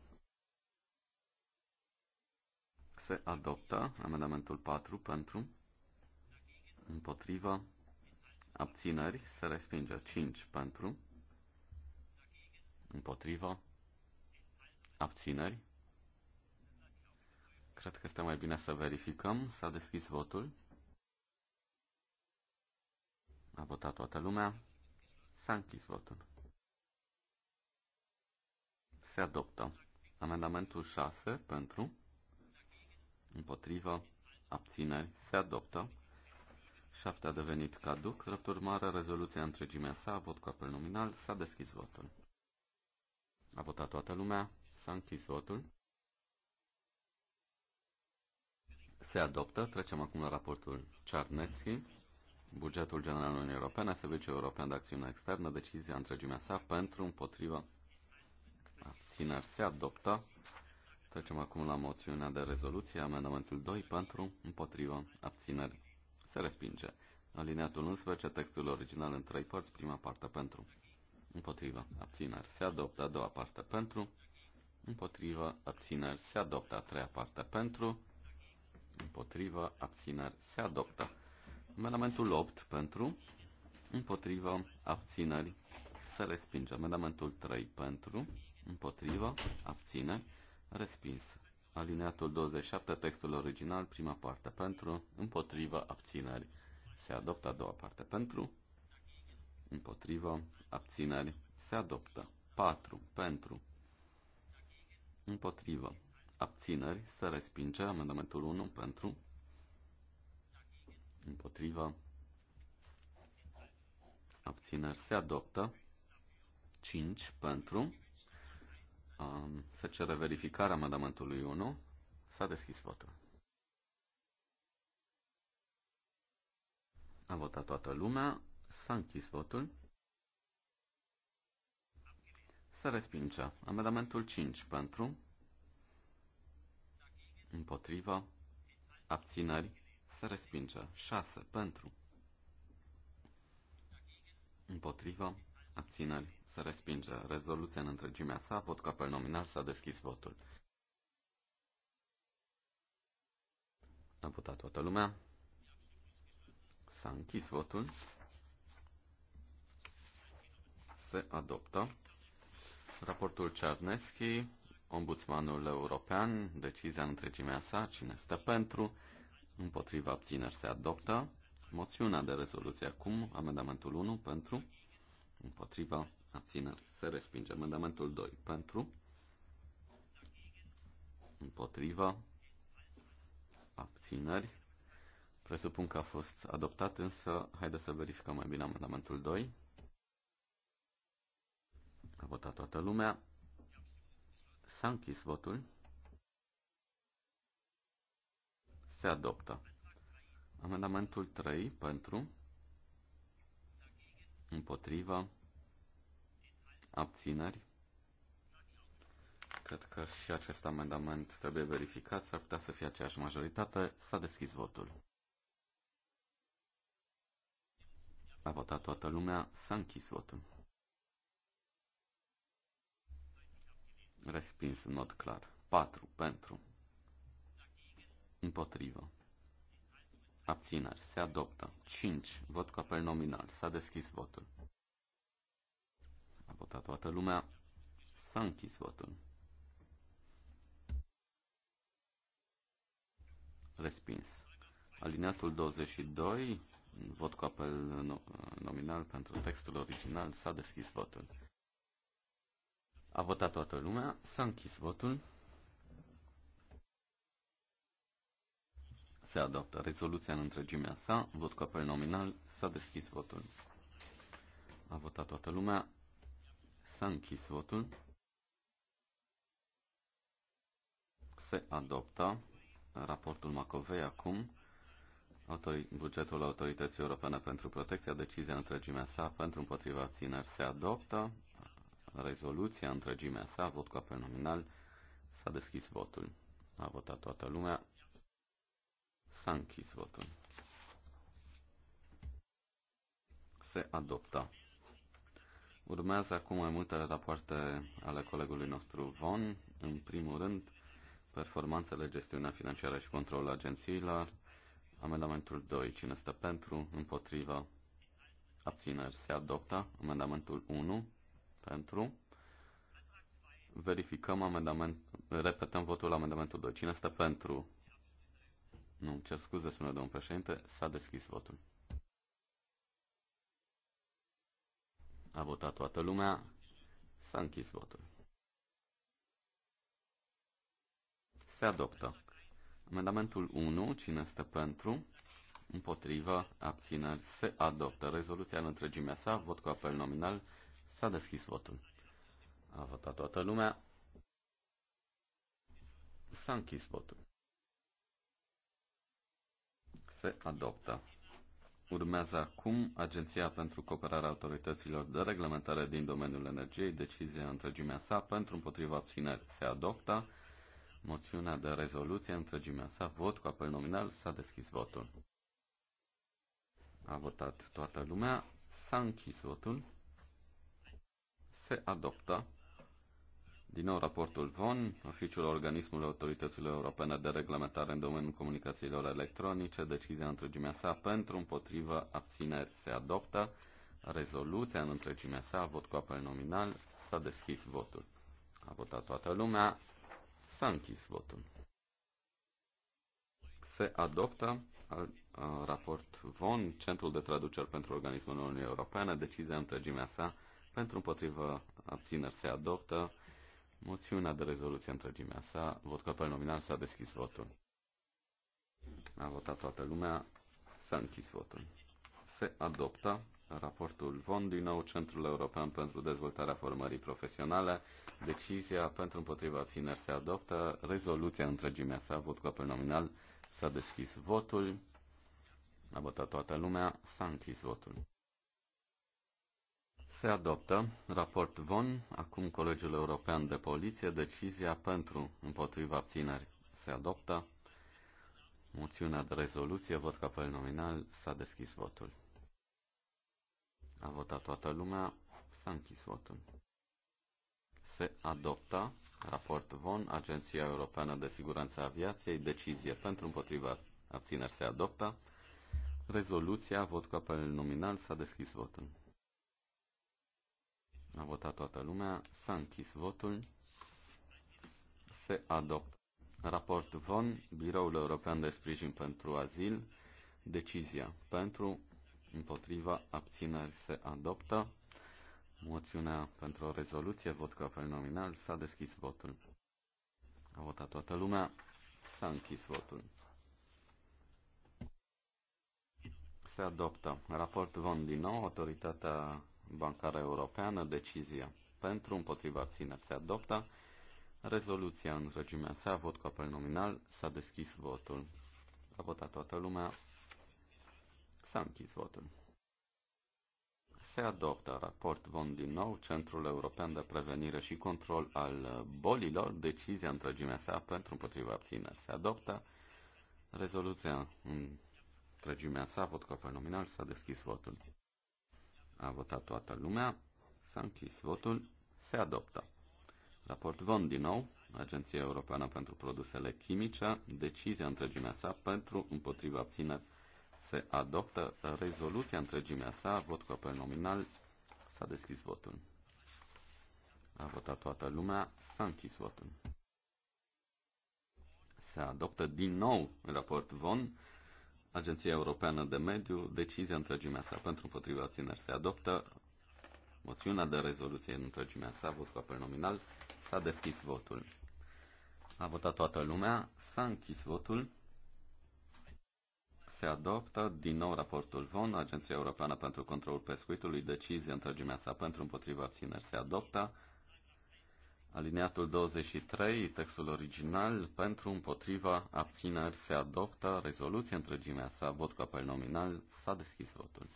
se adoptă. Amendamentul 4 pentru, împotriva, abțineri, se respinge. 5 pentru, împotriva, abțineri. Cred că este mai bine să verificăm. S-a deschis votul. A votat toată lumea. S-a închis votul. Se adoptă. Amendamentul 6 pentru Împotrivă, abțineri, se adoptă. 7 a devenit caduc, drept urmare, rezoluția întregimea sa, vot cu apel nominal, s-a deschis votul. A votat toată lumea, s-a închis votul. Se adoptă, trecem acum la raportul Czarnecki, bugetul general al Uniunii Europene, Serviciul European de Acțiune Externă, decizia întregimea sa pentru, împotrivă, abțineri, se adoptă. Trecem acum la moțiunea de rezoluție, amendamentul 2 pentru, împotriva, abțineri. Se respinge. Alineatul 11, textul original în trei părți, prima parte pentru, împotriva, abțineri. Se adoptă a doua parte pentru, împotriva, abțineri. Se adoptă a treia parte pentru, împotriva, abțineri. Se adoptă. Amendamentul 8 pentru, împotriva, abțineri. Se respinge. Amendamentul 3 pentru, împotriva, abțineri Respins. Alineatul 27, textul original, prima parte pentru, împotriva, abțineri. Se adoptă a doua parte pentru, împotriva, abțineri. Se adoptă. 4. Pentru, împotriva, abțineri. Se respinge amendamentul 1 pentru, împotriva, abțineri. Se adoptă. 5. Pentru, Um, se cere verificarea amendamentului 1. S-a deschis votul. A votat toată lumea. S-a închis votul. Se respinge. Amendamentul 5 pentru. împotrivă, abțineri, Se respinge. 6 pentru. împotrivă, abțineri, să respingă Rezoluția în întregimea sa, vot cu apel nominal, s-a deschis votul. A votat toată lumea. S-a închis votul. Se adoptă. Raportul Cernescu, Ombudsmanul European, decizia în întregimea sa, cine stă pentru, împotriva abțineri se adoptă. Moțiunea de rezoluție acum, amendamentul 1 pentru, împotriva abțineri, se respinge. Amendamentul 2 pentru, împotriva, abțineri. Presupun că a fost adoptat, însă haideți să verificăm mai bine amendamentul 2. A votat toată lumea. S-a închis votul. Se adoptă. Amendamentul 3 pentru, împotriva, abțineri. Cred că și acest amendament trebuie verificat, s-ar putea să fie aceeași majoritate. S-a deschis votul. A votat toată lumea, s-a închis votul. Respins în mod clar. 4 pentru. Împotrivă. Abțineri. Se adoptă. 5. Vot cu apel nominal. S-a deschis votul. A votat toată lumea. S-a închis votul. Respins. Alineatul 22, vot cu apel nominal pentru textul original, s-a deschis votul. A votat toată lumea, s-a închis votul. Se adoptă rezoluția în întregimea sa, vot cu apel nominal, s-a deschis votul. A votat toată lumea, S-a închis votul. Se adoptă raportul Macovei acum bugetul Autorității Europene pentru Protecția, decizia întregimea sa pentru împotriva țineri se adoptă, rezoluția întregimea sa, vot cu apel nominal, s-a deschis votul. A votat toată lumea, s-a închis votul. Se adoptă. Urmează acum mai multe rapoarte ale colegului nostru Von. În primul rând, performanțele, gestiunea financiară și controlul agențiilor, amendamentul 2, cine stă pentru, împotriva, abțineri, se adoptă, amendamentul 1, pentru, verificăm amendament, repetăm votul la amendamentul 2, cine stă pentru, nu, cer scuze, spune domnul președinte, s-a deschis votul. A votat toată lumea. S-a închis votul. Se adoptă. Amendamentul 1, cine stă pentru, împotriva, abțineri, se adoptă. Rezoluția în întregimea sa, vot cu apel nominal, s-a deschis votul. A votat toată lumea. S-a închis votul. Se adoptă. Urmează acum Agenția pentru Cooperarea Autorităților de Reglementare din domeniul energiei, decizia întregimea sa pentru împotriva abțineri se adoptă. Moțiunea de rezoluție întregimea sa, vot cu apel nominal, s-a deschis votul. A votat toată lumea, s-a închis votul, se adoptă. Din nou, raportul VON, oficiul organismului autorităților europene de reglementare în domeniul comunicațiilor electronice, decizia întregimea sa pentru, împotrivă, abțineri se adoptă, rezoluția în întregimea sa, vot cu apel nominal, s-a deschis votul. A votat toată lumea, s-a închis votul. Se adoptă al, a, raport VON, Centrul de Traduceri pentru Organismul Uniunii Europene, decizia întregimea sa, pentru împotrivă abțineri se adoptă, moțiunea de rezoluție întregimea sa. Vot că pe nominal s-a deschis votul. A votat toată lumea, s-a închis votul. Se adoptă raportul VON din nou Centrul European pentru Dezvoltarea Formării Profesionale. Decizia pentru împotriva abțineri se adoptă. Rezoluția întregimea sa, vot cu apel nominal, s-a deschis votul. A votat toată lumea, s-a închis votul. Se adoptă raport VON, acum Colegiul European de Poliție, decizia pentru împotriva abțineri. Se adoptă moțiunea de rezoluție, vot ca pe nominal, s-a deschis votul. A votat toată lumea, s-a închis votul. Se adoptă raport VON, Agenția Europeană de Siguranță Aviației, decizie pentru împotriva abțineri se adoptă. Rezoluția, vot cu apel nominal, s-a deschis votul. A votat toată lumea. S-a închis votul. Se adoptă. Raport VON, Biroul European de Sprijin pentru Azil, decizia pentru, împotriva, abțineri se adoptă. Moțiunea pentru o rezoluție, vot ca apel nominal, s-a deschis votul. A votat toată lumea, s-a închis votul. Se adoptă. Raport VON din nou, autoritatea Bancară Europeană, decizia pentru, împotriva abțineri se adoptă. Rezoluția în regimea sa, vot cu apel nominal, s-a deschis votul. A votat toată lumea, s-a închis votul. Se adoptă raport VON din nou, Centrul European de Prevenire și Control al Bolilor, decizia în întregimea sa pentru împotriva abțineri. Se adoptă rezoluția în întregimea sa, vot cu apel nominal, s-a deschis votul. A votat toată lumea. S-a închis votul. Se adoptă. Raport VON din nou, Agenția Europeană pentru Produsele Chimice, decizia întregimea sa pentru împotriva abțineri se adoptă rezoluția întregimea sa, vot cu apel nominal, s-a deschis votul. A votat toată lumea, s-a închis votul. Se adoptă din nou raport VON, Agenția Europeană de Mediu, decizia întregimea sa pentru împotriva țineri se adoptă. Moțiunea de rezoluție în întregimea sa, vot cu apel nominal, s-a deschis votul. A votat toată lumea, s-a închis votul. Se adoptă din nou raportul VON, Agenția Europeană pentru Controlul Pescuitului, decizie întregimea sa pentru împotriva țineri se adoptă. Alineatul 23, textul original, pentru, împotriva, abțineri, se adoptă, rezoluție întregimea sa, vot cu apel nominal, s-a deschis votul.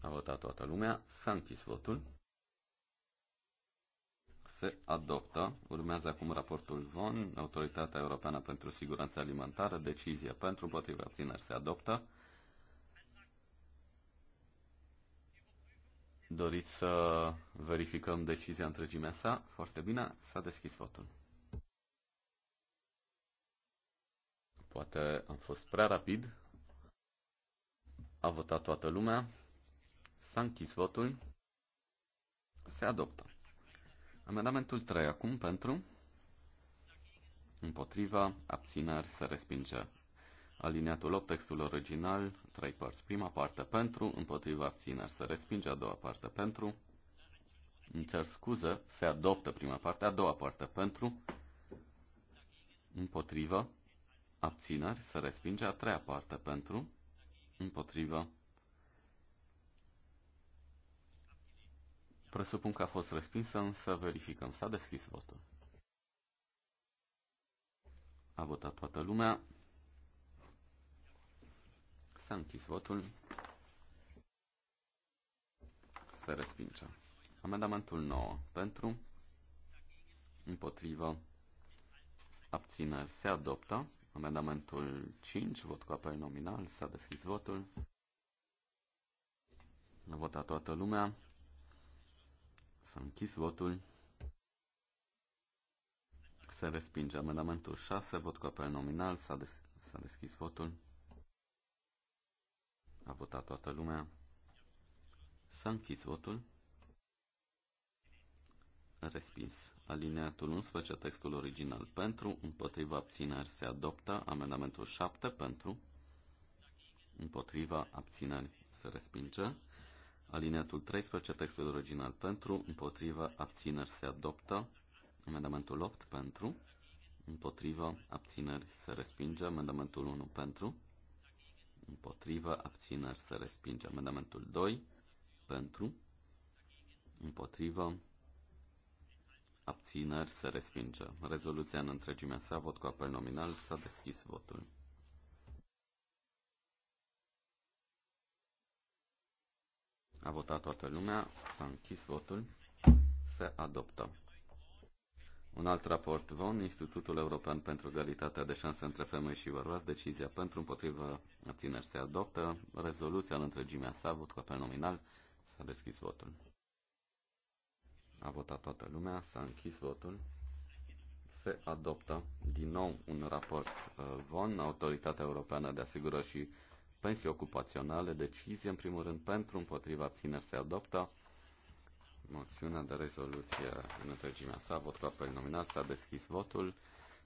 A votat toată lumea, s-a închis votul. Se adoptă. Urmează acum raportul VON, Autoritatea Europeană pentru Siguranța Alimentară, decizie pentru, împotriva, abțineri, se adoptă. Doriți să verificăm decizia întregimea sa? Foarte bine, s-a deschis votul. Poate am fost prea rapid. A votat toată lumea. S-a închis votul. Se adoptă. Amendamentul 3 acum pentru. Împotriva, abțineri, să respinge. Aliniatul 8, textul original, trei părți. Prima parte pentru, împotriva abțineri se respinge, a doua parte pentru. Îmi cer scuză, se adoptă prima parte, a doua parte pentru, împotriva, abțineri se respinge, a treia parte pentru, împotriva. Presupun că a fost respinsă, însă verificăm. S-a deschis votul. A votat toată lumea. S-a închis votul. Se respinge. Amendamentul 9. Pentru. Împotrivă. Abțineri. Se adoptă. Amendamentul 5. Vot cu apel nominal. S-a deschis votul. A votat toată lumea. S-a închis votul. Se respinge amendamentul 6, vot cu apel nominal, s-a, des- s-a deschis votul. A votat toată lumea. S-a închis votul. Respins. Alineatul 11, textul original pentru, împotriva abțineri se adoptă, amendamentul 7 pentru, împotriva abțineri se respinge. Alineatul 13, textul original pentru, împotriva abțineri se adoptă, amendamentul 8 pentru, împotriva abțineri se respinge, amendamentul 1 pentru, împotrivă, abțineri să respinge. Amendamentul 2 pentru, împotrivă, abțineri să respinge. Rezoluția în întregimea sa, vot cu apel nominal, s-a deschis votul. A votat toată lumea, s-a închis votul, se adoptă. Un alt raport VON, Institutul European pentru Egalitatea de Șanse între Femei și Bărbați, decizia pentru împotriva abțineri se adoptă, rezoluția în întregimea sa, vot cu apel nominal, s-a deschis votul. A votat toată lumea, s-a închis votul. Se adoptă din nou un raport uh, VON, Autoritatea Europeană de Asigurări și Pensii Ocupaționale, decizie în primul rând pentru împotriva abțineri se adoptă, moțiunea de rezoluție în întregimea sa. Vot cu apel nominal. S-a deschis votul.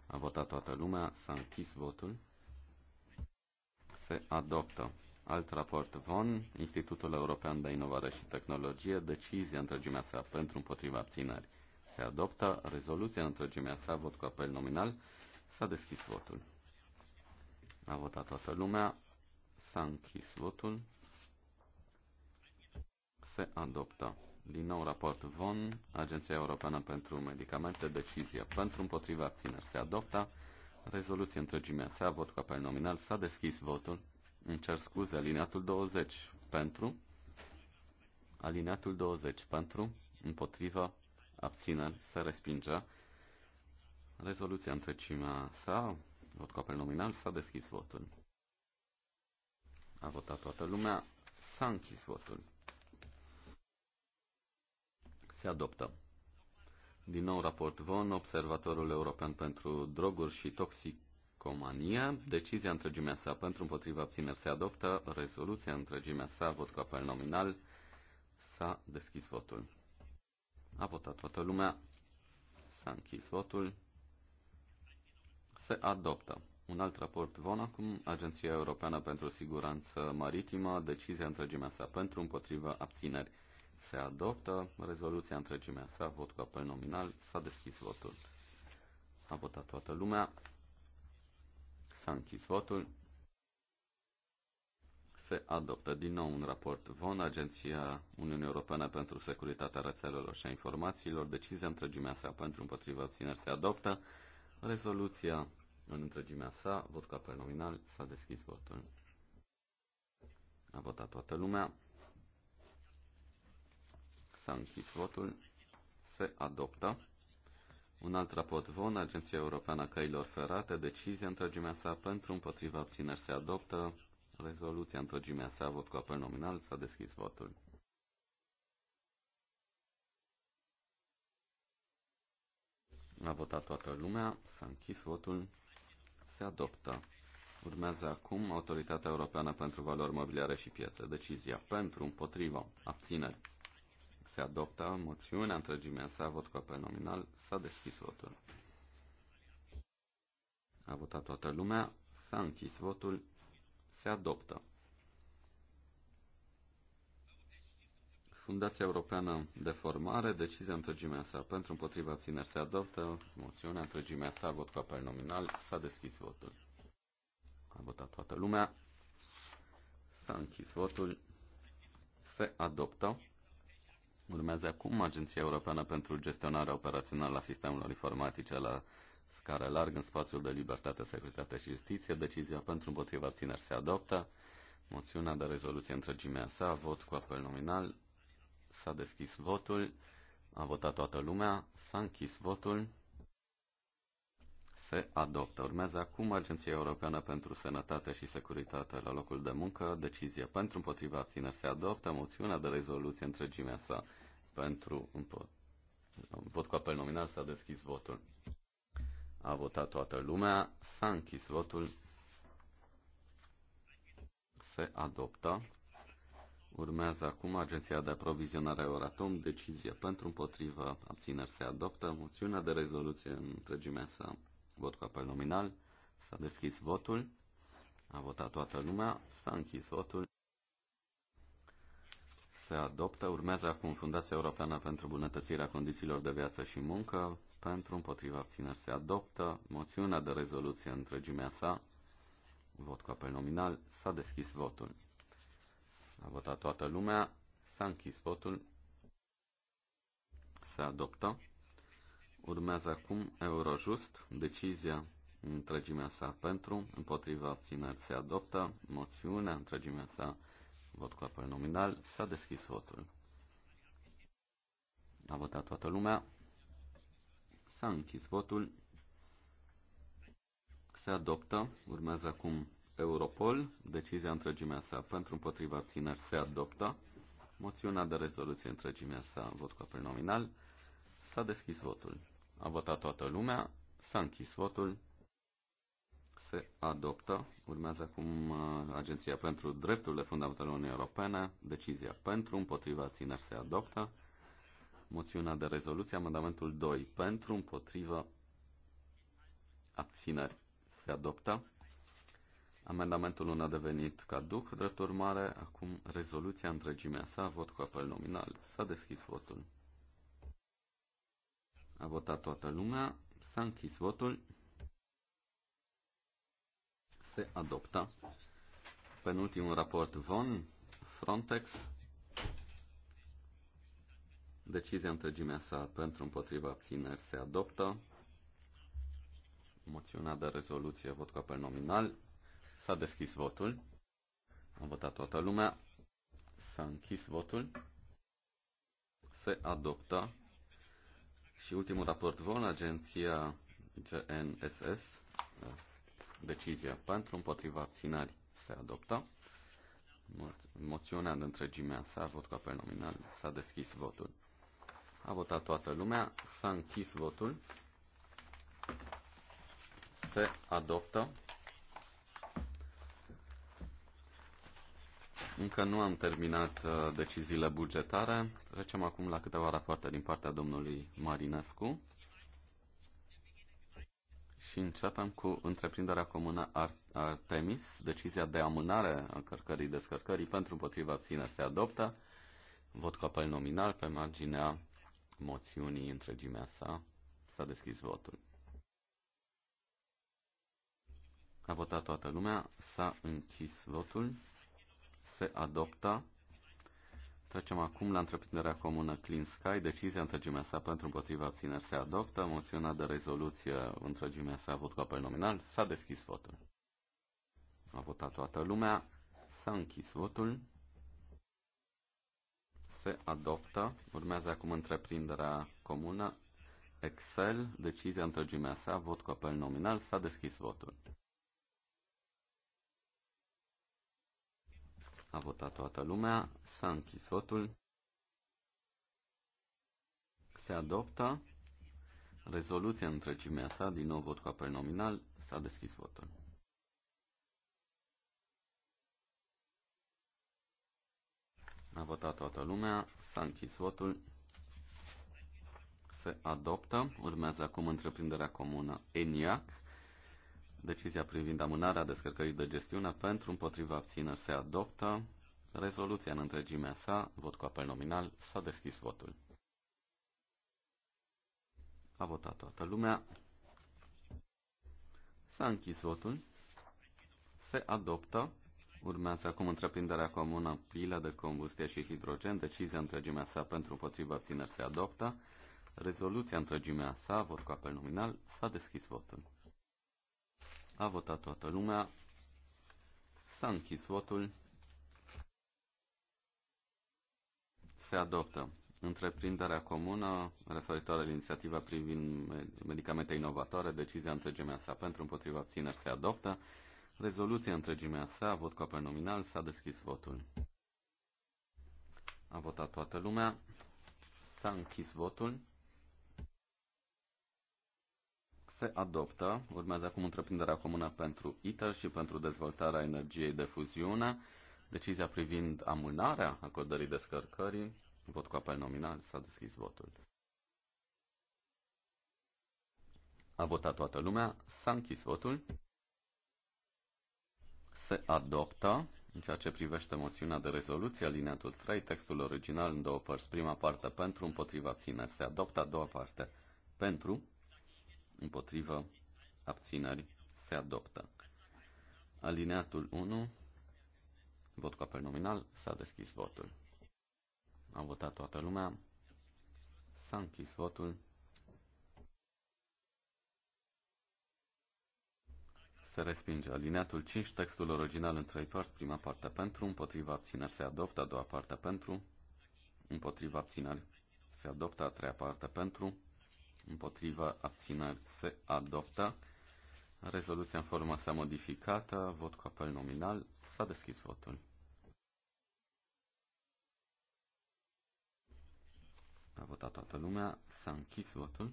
A votat toată lumea. S-a închis votul. Se adoptă. Alt raport VON, Institutul European de Inovare și Tehnologie, decizia întregimea sa pentru împotriva abținării. Se adoptă rezoluția întregimea sa, vot cu apel nominal. S-a deschis votul. A votat toată lumea. S-a închis votul. Se adoptă. Din nou raport VON, Agenția Europeană pentru Medicamente, decizie pentru împotriva abțineri se adoptă. Rezoluție întregimea sa, vot cu apel nominal, s-a deschis votul. Îmi cer scuze, alineatul 20 pentru. Alineatul 20 pentru, împotriva, abțineri, se respinge. Rezoluția întregimea sa, vot cu apel nominal, s-a deschis votul. A votat toată lumea, s-a închis votul. Se adoptă. Din nou raport VON, Observatorul European pentru Droguri și Toxicomania. Decizia întregimea sa pentru împotriva abțineri se adoptă. Rezoluția întregimea sa, vot cu apel nominal. S-a deschis votul. A votat toată lumea. S-a închis votul. Se adoptă. Un alt raport VON acum, Agenția Europeană pentru Siguranță Maritimă, decizia întregimea sa pentru împotriva abțineri se adoptă rezoluția întregimea sa, vot cu apel nominal, s-a deschis votul. A votat toată lumea, s-a închis votul. Se adoptă din nou un raport VON, Agenția Uniunii Europene pentru Securitatea Rețelelor și a Informațiilor, decizia întregimea sa pentru împotriva obțineri se adoptă. Rezoluția în întregimea sa, vot cu apel nominal, s-a deschis votul. A votat toată lumea. S-a închis votul. Se adoptă. Un alt raport VON, Agenția Europeană a Căilor Ferate, decizie întregimea sa pentru împotriva abțineri se adoptă. Rezoluția întregimea sa, vot cu apel nominal, s-a deschis votul. A votat toată lumea, s-a închis votul, se adoptă. Urmează acum Autoritatea Europeană pentru Valori Mobiliare și Piețe. Decizia pentru, împotriva, abțineri se adoptă moțiunea întregimea sa, vot cu apel nominal, s-a deschis votul. A votat toată lumea, s-a închis votul, se adoptă. Fundația Europeană de Formare, decizia întregimea sa pentru împotriva abțineri se adoptă, moțiunea întregimea sa, vot cu apel nominal, s-a deschis votul. A votat toată lumea, s-a închis votul, se adoptă. Urmează acum Agenția Europeană pentru Gestionarea Operațională a Sistemelor Informatice la scară largă în spațiul de libertate, securitate și justiție. Decizia pentru împotriva abțineri se adoptă. Moțiunea de rezoluție întregimea sa, vot cu apel nominal. S-a deschis votul. A votat toată lumea. S-a închis votul se adoptă. Urmează acum Agenția Europeană pentru Sănătate și Securitate la locul de muncă. Decizie pentru împotriva abțineri se adoptă. Moțiunea de rezoluție întregimea sa pentru Vot cu apel nominal s-a deschis votul. A votat toată lumea, s-a închis votul, se adoptă. Urmează acum Agenția de Aprovizionare a Euratom, decizie pentru împotrivă, abțineri se adoptă, moțiunea de rezoluție în întregimea sa Vot cu apel nominal. S-a deschis votul. A votat toată lumea. S-a închis votul. Se adoptă. Urmează acum Fundația Europeană pentru Bunătățirea Condițiilor de Viață și Muncă. Pentru împotriva abțineri se adoptă. Moțiunea de rezoluție întregimea sa. Vot cu apel nominal. S-a deschis votul. A votat toată lumea. S-a închis votul. Se adoptă. Urmează acum Eurojust, decizia întregimea sa pentru, împotriva abțineri se adoptă, moțiunea întregimea sa, vot cu apel nominal, s-a deschis votul. A votat toată lumea, s-a închis votul, se adoptă, urmează acum Europol, decizia întregimea sa pentru, împotriva abțineri se adoptă, moțiunea de rezoluție întregimea sa, vot cu apel nominal, s-a deschis votul. A votat toată lumea. S-a închis votul. Se adoptă. Urmează acum uh, Agenția pentru Drepturile Fundamentale Uniunii Europene. Decizia pentru, împotriva, țineri se adoptă. Moțiunea de rezoluție, amendamentul 2. Pentru, împotriva, abțineri se adoptă. Amendamentul 1 a devenit caduc, drept urmare, acum rezoluția întregimea sa, vot cu apel nominal. S-a deschis votul. A votat toată lumea. S-a închis votul. Se adoptă. Penultimul raport VON, Frontex. Decizia întregimea sa pentru împotriva abțineri se adoptă. Moțiunea de rezoluție, vot cu apel nominal. S-a deschis votul. A votat toată lumea. S-a închis votul. Se adoptă și ultimul raport VON, agenția GNSS, decizia pentru împotriva abținării se adoptă. Moțiunea de întregimea a vot cu pe nominal, s-a deschis votul. A votat toată lumea, s-a închis votul, se adoptă Încă nu am terminat uh, deciziile bugetare. Trecem acum la câteva rapoarte din partea domnului Marinescu. Și începem cu întreprinderea comună Artemis, decizia de amânare a încărcării descărcării pentru împotriva abține se adoptă. Vot cu apel nominal pe marginea moțiunii întregimea sa. S-a deschis votul. A votat toată lumea, s-a închis votul se adoptă. Trecem acum la întreprinderea comună Clean Sky. Decizia întregimea sa pentru împotriva abțineri se adoptă. Moțiunea de rezoluție întregimea sa avut cu apel nominal. S-a deschis votul. A votat toată lumea. S-a închis votul. Se adoptă. Urmează acum întreprinderea comună Excel. Decizia întregimea sa avut cu apel nominal. S-a deschis votul. A votat toată lumea. S-a închis votul. Se adoptă rezoluția întregimea sa, din nou vot cu apel nominal, s-a deschis votul. A votat toată lumea, s-a închis votul, se adoptă, urmează acum întreprinderea comună ENIAC, Decizia privind amânarea descărcării de gestiune pentru împotriva abțineri se adoptă. Rezoluția în întregimea sa, vot cu apel nominal, s-a deschis votul. A votat toată lumea. S-a închis votul. Se adoptă. Urmează acum întreprinderea comună pilă de combustie și hidrogen. Decizia întregimea sa pentru împotriva abțineri se adoptă. Rezoluția întregimea sa, vot cu apel nominal, s-a deschis votul. A votat toată lumea. S-a închis votul. Se adoptă întreprinderea comună referitoare la inițiativa privind medicamente inovatoare, decizia întregimea sa pentru împotriva abțineri se adoptă, rezoluția întregimea sa, vot cu apel nominal, s-a deschis votul. A votat toată lumea, s-a închis votul se adoptă. Urmează acum întreprinderea comună pentru ITER și pentru dezvoltarea energiei de fuziune. Decizia privind amânarea acordării descărcării. Vot cu apel nominal. S-a deschis votul. A votat toată lumea. S-a închis votul. Se adoptă în ceea ce privește moțiunea de rezoluție, alineatul 3, textul original în două părți. Prima parte pentru, împotriva, ține. Se adoptă a doua parte pentru, împotrivă, abțineri, se adoptă. Alineatul 1, vot cu apel nominal, s-a deschis votul. A votat toată lumea, s-a închis votul. se respinge. Alineatul 5, textul original în trei părți, prima parte pentru, împotriva abțineri se adoptă, a doua parte pentru, împotriva abțineri se adoptă, a treia parte pentru, împotriva, abțineri, se adoptă. Rezoluția în forma sa modificată, vot cu apel nominal, s-a deschis votul. A votat toată lumea, s-a închis votul.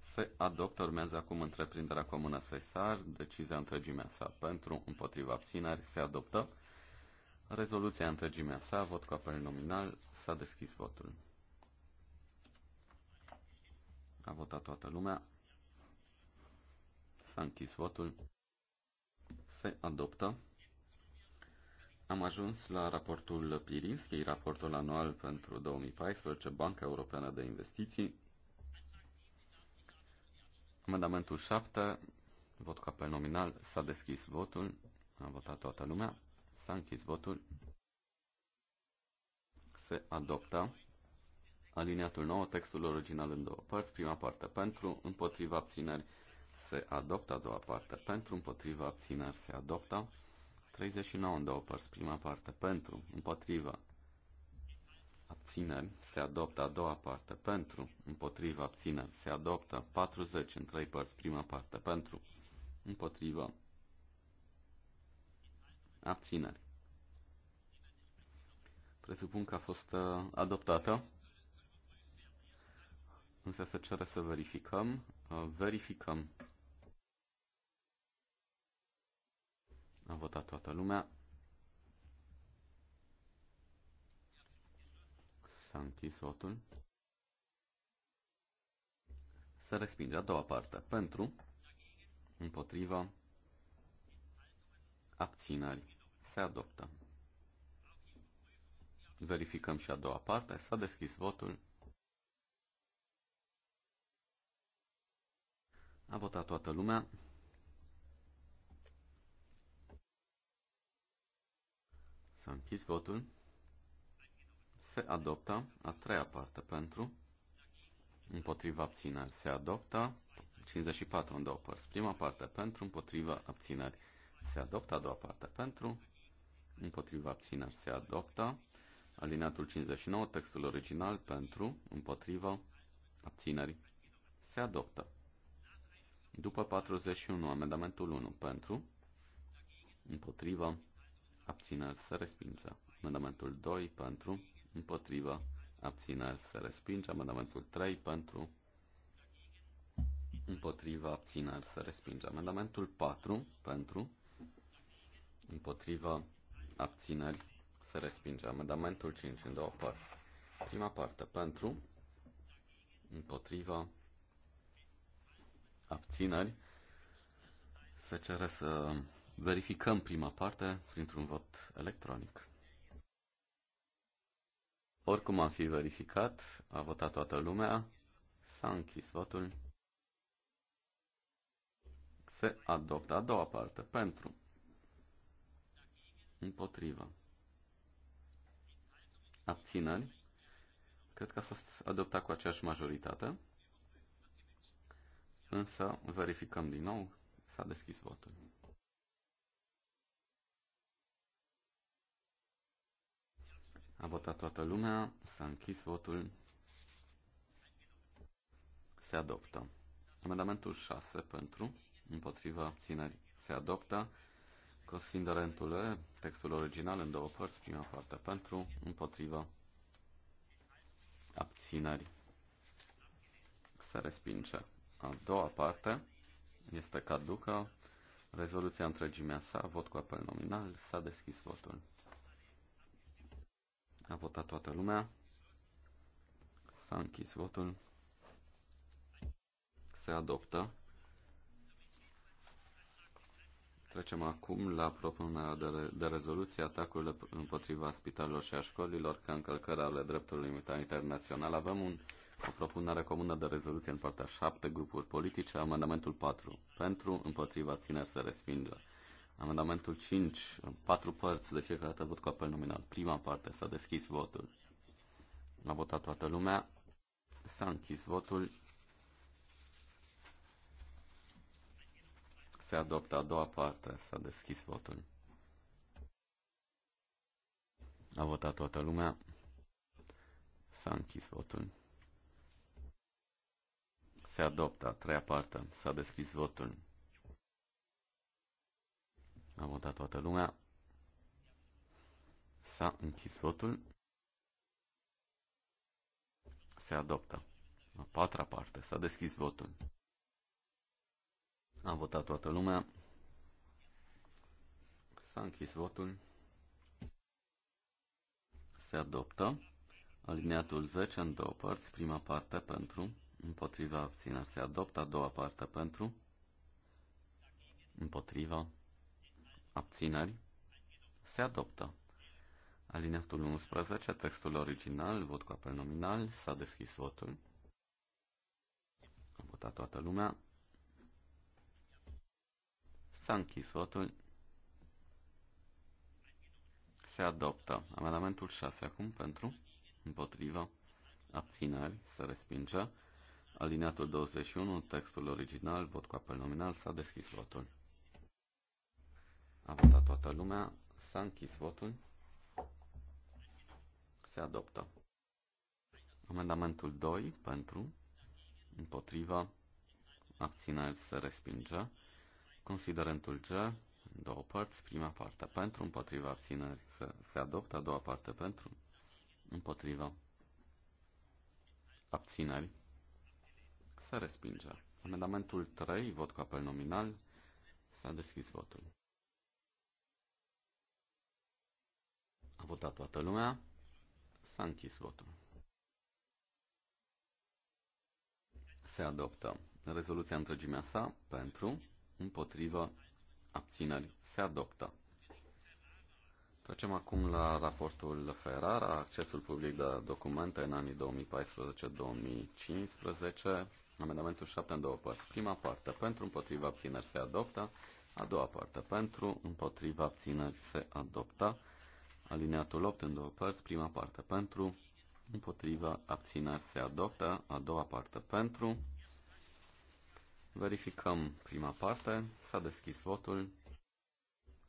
Se adoptă, urmează acum întreprinderea comună SESAR, decizia întregimea sa pentru, împotriva abțineri, se adoptă. Rezoluția întregimea sa, vot cu apel nominal, s-a deschis votul. A votat toată lumea. S-a închis votul. Se adoptă. Am ajuns la raportul Pirinski, raportul anual pentru 2014, Banca Europeană de Investiții. Amendamentul 7, vot cu apel nominal, s-a deschis votul, a votat toată lumea, s-a închis votul, se adoptă. Aliniatul 9, textul original în două părți, prima parte pentru, împotriva abțineri se adoptă, a doua parte pentru, împotriva abțineri se adoptă, 39 în două părți, prima parte pentru, împotriva abțineri se adoptă, a doua parte pentru, împotriva abțineri se adoptă, 40 în trei părți, prima parte pentru, împotriva abțineri. Presupun că a fost uh, adoptată. Însă se cere să verificăm. Uh, verificăm. A votat toată lumea. S-a închis votul. Se respinge a doua parte. Pentru, împotriva, abținări. Se adoptă. Verificăm și a doua parte. S-a deschis votul. A votat toată lumea. S-a închis votul. Se adoptă a treia parte pentru. Împotriva abțineri se adoptă. 54 în două părți. Prima parte pentru, împotriva abțineri se adoptă. A doua parte pentru, împotriva abțineri se adoptă. Alineatul 59, textul original pentru, împotriva abțineri se adoptă. După 41, amendamentul 1 pentru, împotriva, abțineri să respingă. Amendamentul 2 pentru, împotriva, abțineri să respingă. Amendamentul 3 pentru, împotriva, abțineri să respingă. Amendamentul 4 pentru, împotriva, abțineri să respingă. Amendamentul 5 în două părți. Prima parte pentru, împotriva, abțineri. Se cere să verificăm prima parte printr-un vot electronic. Oricum am fi verificat, a votat toată lumea, s-a închis votul. Se adoptă a doua parte pentru împotriva abțineri. Cred că a fost adoptat cu aceeași majoritate însă verificăm din nou, s-a deschis votul. A votat toată lumea, s-a închis votul, se adoptă. Amendamentul 6 pentru, împotriva abțineri, se adoptă. Cosind rentule, textul original în două părți, prima parte pentru, împotriva abțineri, se respinge. A doua parte este caducă. Rezoluția întregimea sa, vot cu apel nominal, s-a deschis votul. A votat toată lumea. S-a închis votul. Se adoptă. Trecem acum la propunerea de, re- de rezoluție atacurile împotriva spitalelor și a școlilor ca încălcări ale dreptului internațional. Avem un propunerea comună de rezoluție în partea 7, grupuri politice, amendamentul 4, pentru, împotriva, țineri să respingă. Amendamentul 5, patru părți de fiecare dată vot cu apel nominal. Prima parte s-a deschis votul. A votat toată lumea. S-a închis votul. Se adoptă a doua parte. S-a deschis votul. A votat toată lumea. S-a închis votul. Se adoptă. A treia parte. S-a deschis votul. A votat toată lumea. S-a închis votul. Se adoptă. A patra parte. S-a deschis votul. A votat toată lumea. S-a închis votul. Se adoptă. Alineatul 10 în două părți. Prima parte pentru împotriva abțineri se adoptă, a doua parte pentru, împotriva abțineri se adoptă. Alineatul 11, textul original, vot cu apel nominal, s-a deschis votul. A votat toată lumea. S-a închis votul. Se adoptă. Amendamentul 6 acum pentru, împotriva, abțineri, se respinge. Alineatul 21, textul original, vot cu apel nominal, s-a deschis votul. A votat toată lumea, s-a închis votul, se adoptă. Amendamentul 2 pentru, împotriva, abțineri se respinge. Considerentul G, două părți, prima parte pentru, împotriva abțineri se, se adoptă, a doua parte pentru, împotriva abțineri se respinge. Amendamentul 3, vot cu apel nominal. S-a deschis votul. A votat toată lumea. S-a închis votul. Se adoptă rezoluția întregimea sa pentru, împotrivă, abțineri. Se adoptă. Trecem acum la raportul Ferrara, accesul public la documente în anii 2014-2015. Amendamentul 7 în două părți. Prima parte pentru, împotriva abțineri se adoptă. A doua parte pentru, împotriva abțineri se adoptă. Alineatul 8 în două părți. Prima parte pentru, împotriva abțineri se adoptă. A doua parte pentru. Verificăm prima parte. S-a deschis votul.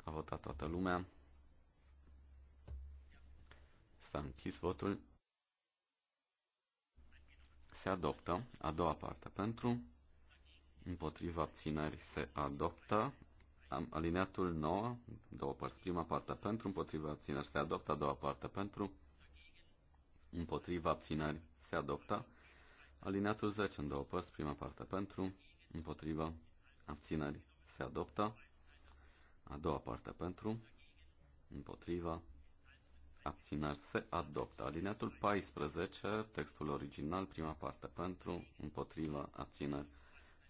A votat toată lumea. S-a închis votul se adoptă. A doua parte pentru, împotriva abțineri se adoptă. Alineatul 9, două părți. Prima parte pentru, împotriva abțineri se adoptă. A doua parte pentru, împotriva abțineri se adoptă. Alineatul 10 în două părți. Prima parte pentru, împotriva abțineri se adoptă. A doua parte pentru, împotriva abțineri se adoptă. Alineatul 14, textul original, prima parte pentru, împotriva, abțineri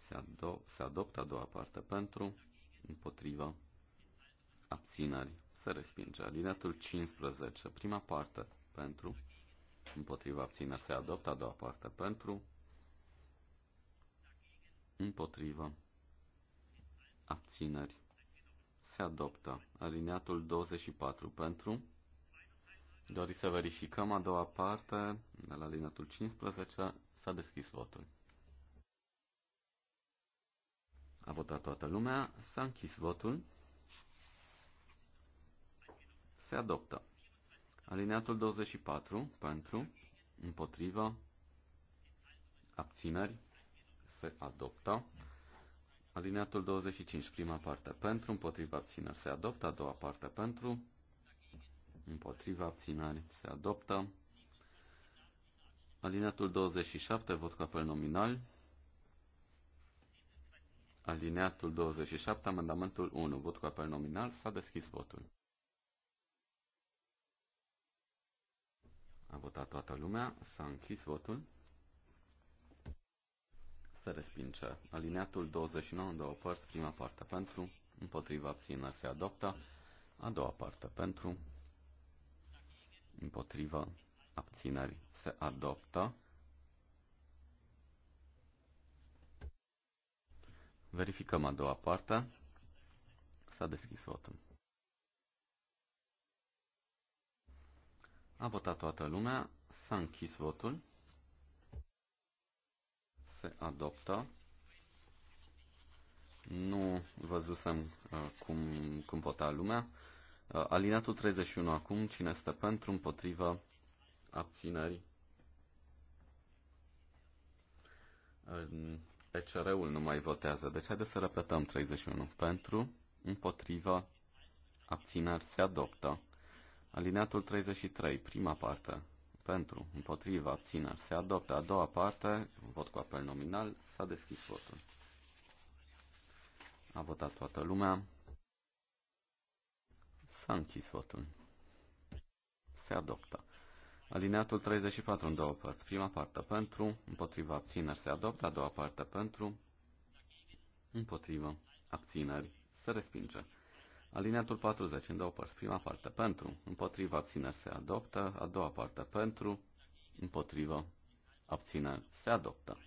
se, ado- se adoptă, a doua parte pentru, împotriva, abțineri se respinge. Alineatul 15, prima parte pentru, împotriva, abțineri se adoptă, a doua parte pentru, împotriva, abțineri se adoptă. Alineatul 24 pentru, Dori să verificăm a doua parte de la alineatul 15. S-a deschis votul. A votat toată lumea. S-a închis votul. Se adoptă. Alineatul 24 pentru, împotriva, abțineri, se adoptă. Alineatul 25, prima parte pentru, împotriva abțineri, se adoptă. A doua parte pentru, împotriva abținare. se adoptă. Alineatul 27, vot cu apel nominal. Alineatul 27, amendamentul 1, vot cu apel nominal, s-a deschis votul. A votat toată lumea, s-a închis votul. Se respinge. Alineatul 29 în două părți, prima parte pentru, împotriva abținere se adoptă, a doua parte pentru, împotriva abțineri se adoptă. Verificăm a doua parte. S-a deschis votul. A votat toată lumea, s-a închis votul, se adoptă. Nu văzusem uh, cum, cum vota lumea. Alinatul 31 acum, cine este pentru, împotriva, abțineri. ECR-ul nu mai votează, deci haideți să repetăm 31. Pentru, împotriva, abțineri se adoptă. Alineatul 33, prima parte, pentru, împotriva, abțineri se adoptă. A doua parte, vot cu apel nominal, s-a deschis votul. A votat toată lumea. S-a închis votul. Se adoptă. Alineatul 34 în două părți. Prima parte pentru, împotriva abțineri se adoptă, a doua parte pentru, împotriva abțineri se respinge. Alineatul 40 în două părți. Prima parte pentru, împotriva abțineri se adoptă, a doua parte pentru, împotriva abțineri se adoptă.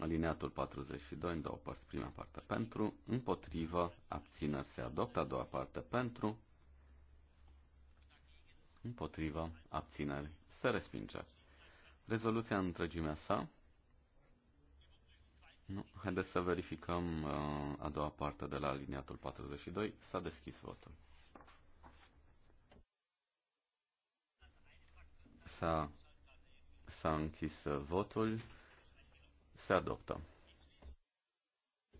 Alineatul 42 în două părți. Prima parte pentru, împotriva abțineri se adoptă, a doua parte pentru, împotriva, abțineri, se respinge. Rezoluția în întregimea sa. Nu. Haideți să verificăm uh, a doua parte de la aliniatul 42. S-a deschis votul. S-a, s-a închis uh, votul. Se adoptă.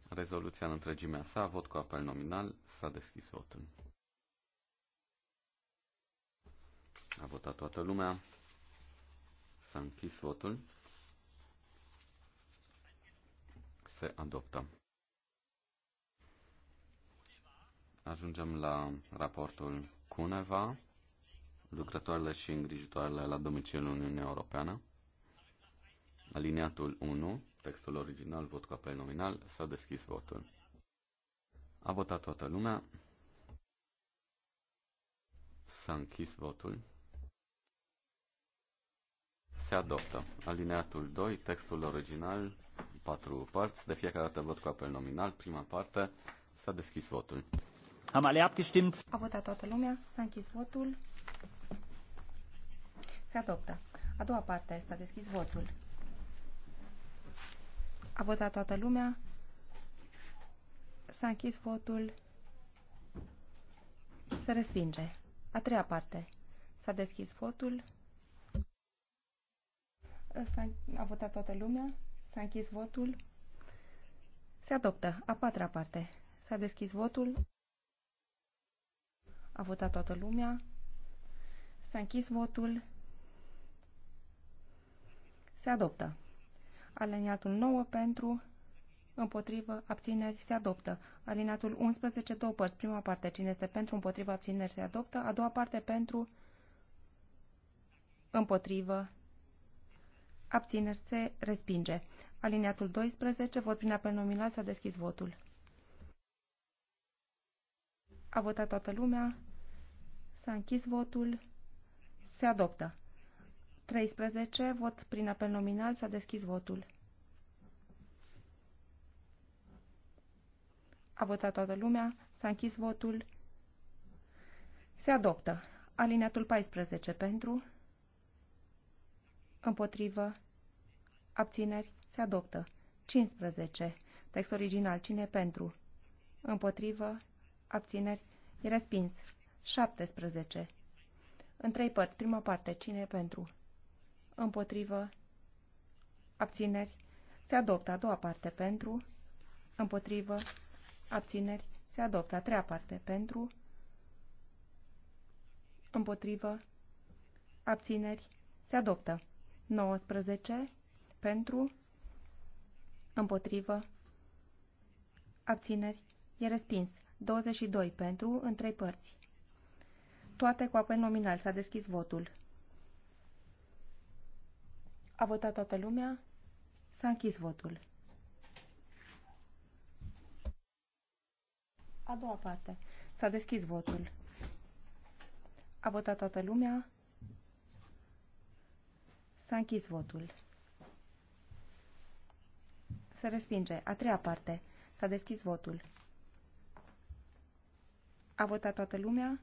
Rezoluția în întregimea sa, vot cu apel nominal, s-a deschis votul. A votat toată lumea. S-a închis votul. Se adoptă. Ajungem la raportul Cuneva, lucrătoarele și îngrijitoarele la domiciliul Uniunii Europeană. Aliniatul 1, textul original, vot cu apel nominal, s-a deschis votul. A votat toată lumea. S-a închis votul se adoptă. Alineatul 2, textul original, patru părți, de fiecare dată vot cu apel nominal, prima parte, s-a deschis votul. Am alea abgestimt. A votat toată lumea, s-a închis votul, se adoptă. A doua parte, s-a deschis votul. A votat toată lumea, s-a închis votul, se respinge. A treia parte, s-a deschis votul. S-a, a votat toată lumea. S-a închis votul. Se adoptă. A patra parte. S-a deschis votul. A votat toată lumea. S-a închis votul. Se adoptă. Aliniatul 9 pentru, împotrivă, abțineri, se adoptă. Aliniatul 11, două părți. Prima parte, cine este pentru, împotrivă, abțineri, se adoptă. A doua parte, pentru, împotrivă, Abțineri se respinge. Aliniatul 12, vot prin apel nominal, s-a deschis votul. A votat toată lumea. S-a închis votul. Se adoptă. 13, vot prin apel nominal, s-a deschis votul. A votat toată lumea. S-a închis votul. Se adoptă. Alineatul 14 pentru. Împotrivă. Abțineri. Se adoptă. 15. Text original. Cine pentru? Împotrivă. Abțineri. E respins. 17. În trei părți. Prima parte. Cine pentru? Împotrivă. Abțineri. Se adoptă a doua parte pentru. Împotrivă. Abțineri. Se adoptă a treia parte pentru. Împotrivă. Abțineri. Se adoptă. 19 pentru, împotrivă, abțineri, e respins. 22 pentru, în trei părți. Toate cu apel nominal. S-a deschis votul. A votat toată lumea. S-a închis votul. A doua parte. S-a deschis votul. A votat toată lumea. S-a închis votul. Se respinge. A treia parte. S-a deschis votul. A votat toată lumea.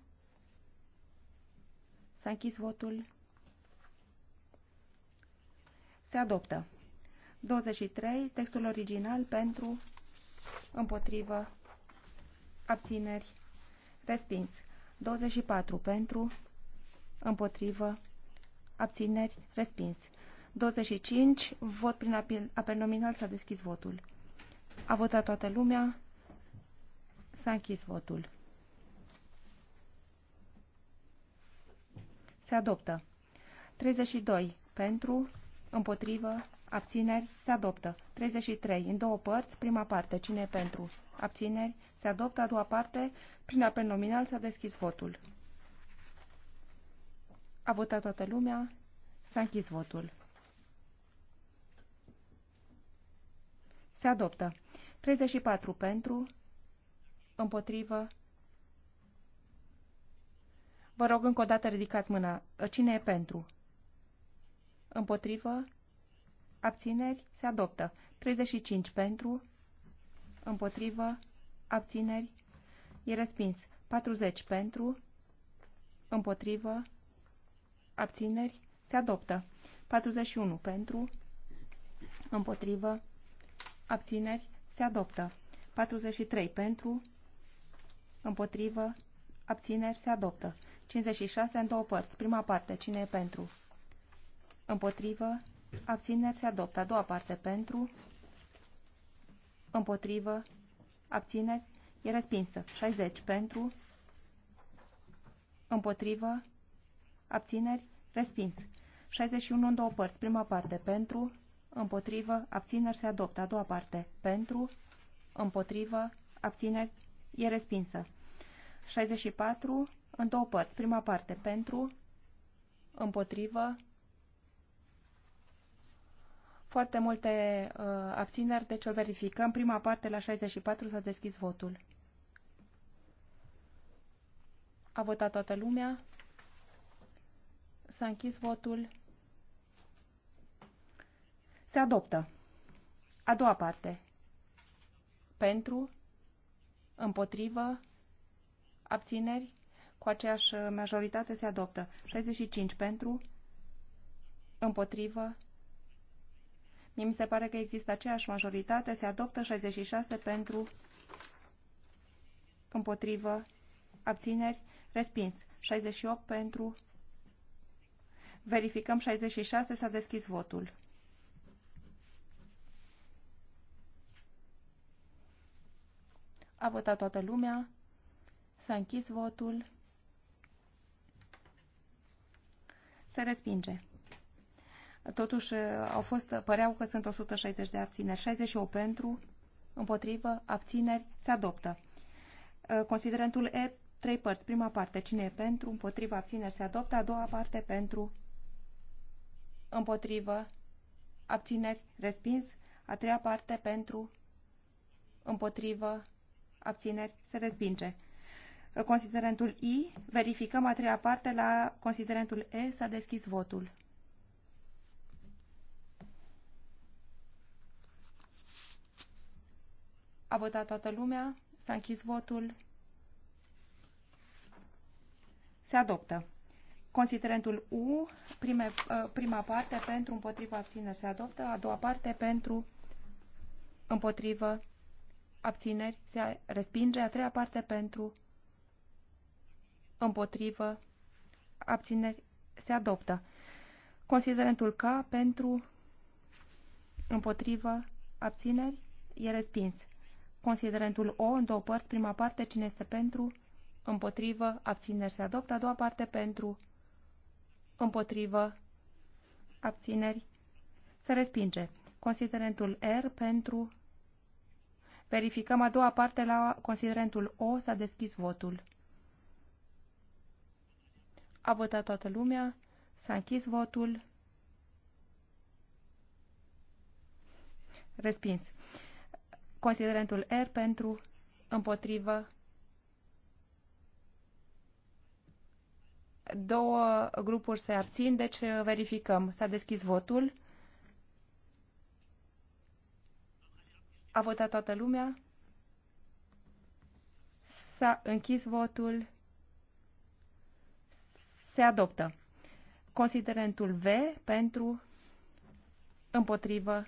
S-a închis votul. Se adoptă. 23. Textul original pentru, împotrivă, abțineri, respins. 24. Pentru, împotrivă, abțineri, respins. 25, vot prin apel, apel nominal, s-a deschis votul. A votat toată lumea, s-a închis votul. Se adoptă. 32, pentru, împotrivă, abțineri, se adoptă. 33, în două părți, prima parte, cine e pentru, abțineri, se adoptă, a doua parte, prin apel nominal, s-a deschis votul. A votat toată lumea. S-a închis votul. Se adoptă. 34 pentru, împotrivă. Vă rog încă o dată ridicați mâna. Cine e pentru? Împotrivă. Abțineri. Se adoptă. 35 pentru, împotrivă. Abțineri. E respins. 40 pentru, împotrivă abțineri, se adoptă. 41 pentru, împotrivă, abțineri, se adoptă. 43 pentru, împotrivă, abțineri, se adoptă. 56 în două părți. Prima parte, cine e pentru? Împotrivă, abțineri, se adoptă. A doua parte, pentru, împotrivă, abțineri, e respinsă. 60 pentru, împotrivă, abțineri, respins. 61 în două părți, prima parte pentru, împotrivă, abțineri se adoptă, a doua parte pentru, împotrivă, abțineri, e respinsă. 64 în două părți, prima parte pentru, împotrivă, foarte multe uh, abțineri, deci o verificăm. Prima parte la 64 s-a deschis votul. A votat toată lumea. S-a închis votul. Se adoptă. A doua parte. Pentru, împotrivă, abțineri, cu aceeași majoritate se adoptă. 65 pentru, împotrivă, Mie mi se pare că există aceeași majoritate, se adoptă 66 pentru, împotrivă, abțineri, respins, 68 pentru, Verificăm 66, s-a deschis votul. A votat toată lumea. S-a închis votul. Se respinge. Totuși, uh, au fost, uh, păreau că sunt 160 de abțineri. 68 pentru, împotrivă, abțineri, se adoptă. Uh, considerentul E, trei părți. Prima parte, cine e pentru, împotrivă, abțineri, se adoptă. A doua parte, pentru, împotrivă, abțineri, respins, a treia parte pentru, împotrivă, abțineri, se respinge. Considerentul I, verificăm a treia parte la considerentul E, s-a deschis votul. A votat toată lumea, s-a închis votul, se adoptă. Considerentul U, prime, uh, prima parte pentru împotriva abțineri se adoptă, a doua parte pentru împotrivă abțineri se respinge, a treia parte pentru împotrivă abțineri se adoptă. Considerentul K pentru împotrivă abțineri e respins. Considerentul O în două părți, prima parte cine este pentru împotrivă abțineri se adoptă, a doua parte pentru împotrivă, abțineri, se respinge. Considerentul R pentru. Verificăm a doua parte la considerentul O, s-a deschis votul. A votat toată lumea, s-a închis votul. Respins. Considerentul R pentru, împotrivă, Două grupuri se abțin, deci uh, verificăm. S-a deschis votul. A votat toată lumea. S-a închis votul. Se adoptă. Considerentul V pentru, împotrivă,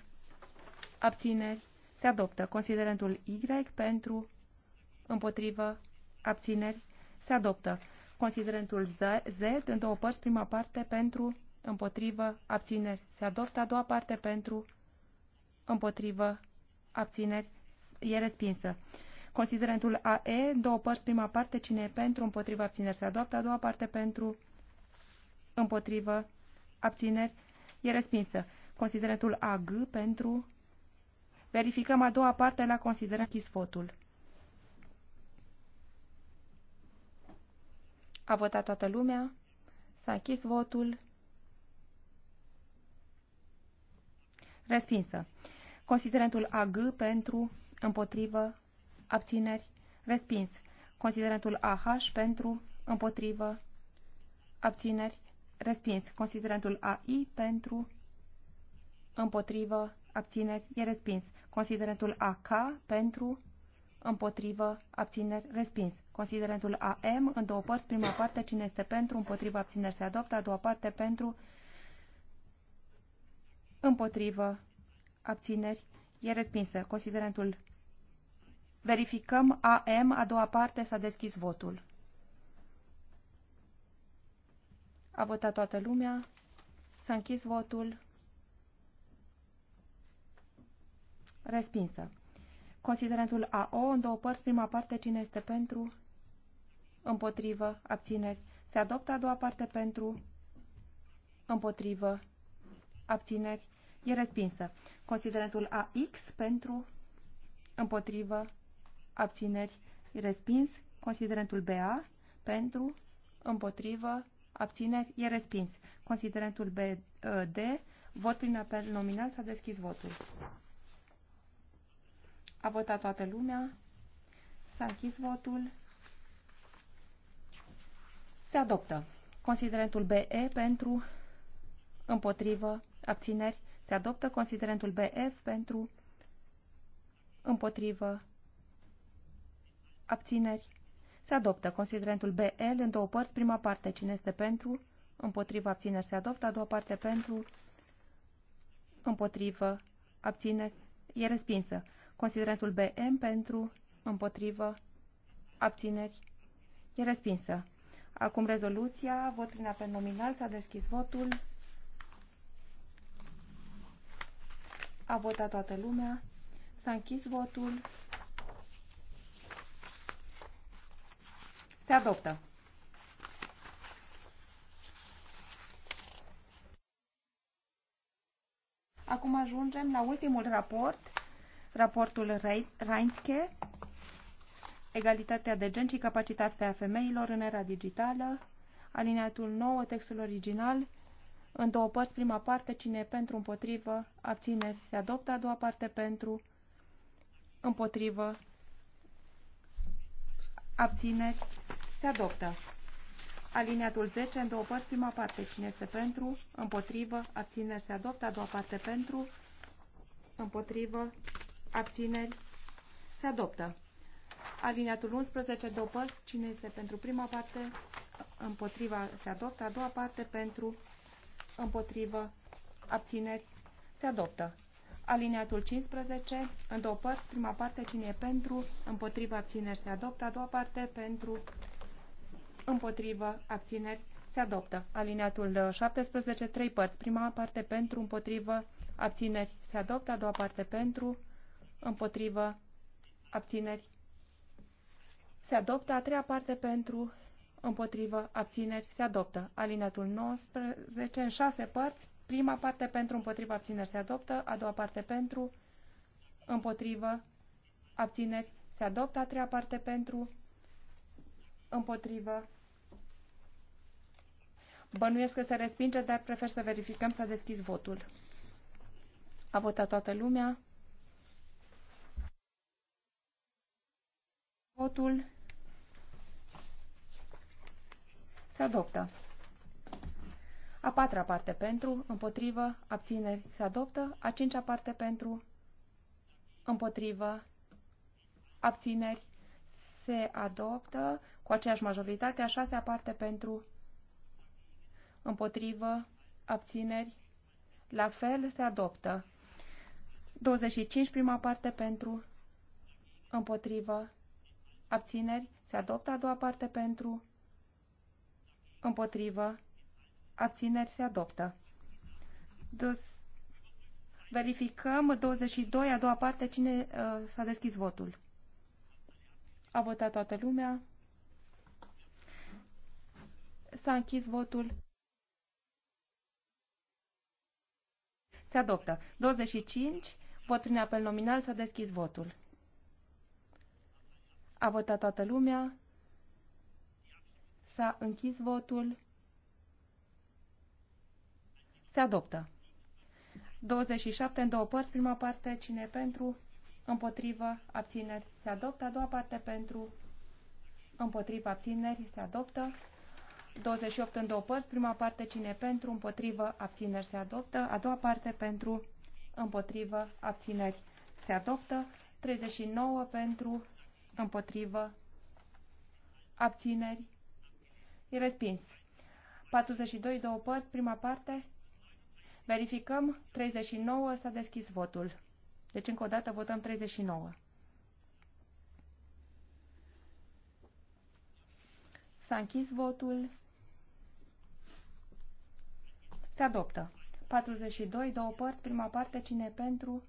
abțineri. Se adoptă. Considerentul Y pentru, împotrivă, abțineri. Se adoptă. Considerentul Z, Z în două părți, prima parte pentru, împotrivă, abțineri. Se adoptă a doua parte pentru, împotrivă, abțineri. E respinsă. Considerentul AE, două părți, prima parte, cine e pentru, împotrivă, abțineri. Se adoptă a doua parte pentru, împotrivă, abțineri. E respinsă. Considerentul AG pentru, verificăm a doua parte la considerent votul. A votat toată lumea. S-a închis votul. Respinsă. Considerentul AG pentru, împotrivă, abțineri, respins. Considerentul AH pentru, împotrivă, abțineri, respins. Considerentul AI pentru, împotrivă, abțineri, e respins. Considerentul AK pentru, împotrivă, abțineri, respins. Considerentul AM, în două părți, prima parte, cine este pentru, împotrivă, abțineri, se adoptă, a doua parte, pentru, împotrivă, abțineri, e respinsă. Considerentul verificăm AM, a doua parte, s-a deschis votul. A votat toată lumea, s-a închis votul, respinsă. Considerentul AO, în două părți, prima parte, cine este pentru, împotrivă, abțineri. Se adoptă a doua parte pentru, împotrivă, abțineri. E respinsă. Considerentul AX pentru, împotrivă, abțineri. E respins. Considerentul BA pentru, împotrivă, abțineri. E respins. Considerentul BD, uh, vot prin apel nominal, s-a deschis votul. A votat toată lumea. S-a închis votul. Se adoptă. Considerentul BE pentru, împotrivă, abțineri. Se adoptă considerentul BF pentru, împotrivă, abțineri. Se adoptă considerentul BL în două părți. Prima parte, cine este pentru, împotrivă, abțineri. Se adoptă. A doua parte, pentru, împotrivă, abțineri. E respinsă. Considerentul BM pentru, împotrivă, abțineri, e respinsă. Acum rezoluția, vot prin apel nominal, s-a deschis votul. A votat toată lumea. S-a închis votul. Se adoptă. Acum ajungem la ultimul raport raportul Reinske, egalitatea de gen și capacitatea femeilor în era digitală, alineatul 9, textul original, în două părți, prima parte, cine e pentru, împotrivă, abțineri, se adoptă, a doua parte, pentru, împotrivă, abțineri, se adoptă. Alineatul 10, în două părți, prima parte, cine este pentru, împotrivă, abțineri, se adoptă, a doua parte, pentru, împotrivă, abțineri, se adoptă. Aliniatul 11, două părți, cine este pentru prima parte, împotriva, se adoptă, a doua parte pentru, împotrivă, abțineri, se adoptă. Aliniatul 15, în două părți, prima parte, cine e pentru, împotriva, abțineri, se adoptă, a doua parte pentru, împotrivă, abțineri, se adoptă. Aliniatul 17, trei părți, prima parte pentru, împotrivă, abțineri, se adoptă, a doua parte pentru, împotrivă, abțineri. Se adoptă a treia parte pentru, împotrivă, abțineri. Se adoptă alineatul 19 în șase părți. Prima parte pentru, împotrivă, abțineri. Se adoptă. A doua parte pentru, împotrivă, abțineri. Se adoptă a treia parte pentru, împotrivă. Bănuiesc că se respinge, dar prefer să verificăm să deschis votul. A votat toată lumea. Votul se adoptă. A patra parte pentru, împotrivă, abțineri, se adoptă. A cincea parte pentru, împotrivă, abțineri, se adoptă cu aceeași majoritate. A șasea parte pentru, împotrivă, abțineri, la fel se adoptă. 25 prima parte pentru, împotrivă, abțineri, se adoptă a doua parte pentru, împotrivă, abțineri, se adoptă. Dus, verificăm 22, a doua parte, cine uh, s-a deschis votul. A votat toată lumea. S-a închis votul. Se adoptă. 25. Vot prin apel nominal. S-a deschis votul. A votat toată lumea. S-a închis votul. Se adoptă. 27 în două părți. Prima parte, cine pentru? Împotrivă, abțineri, se adoptă. A doua parte, pentru? Împotrivă, abțineri, se adoptă. 28 în două părți. Prima parte, cine pentru? Împotrivă, abțineri, se adoptă. A doua parte, pentru? Împotrivă, abțineri, se adoptă. 39 pentru, împotrivă, abțineri, e respins. 42, două părți, prima parte, verificăm, 39, s-a deschis votul. Deci încă o dată votăm 39. S-a închis votul. Se adoptă. 42, două părți, prima parte, cine pentru,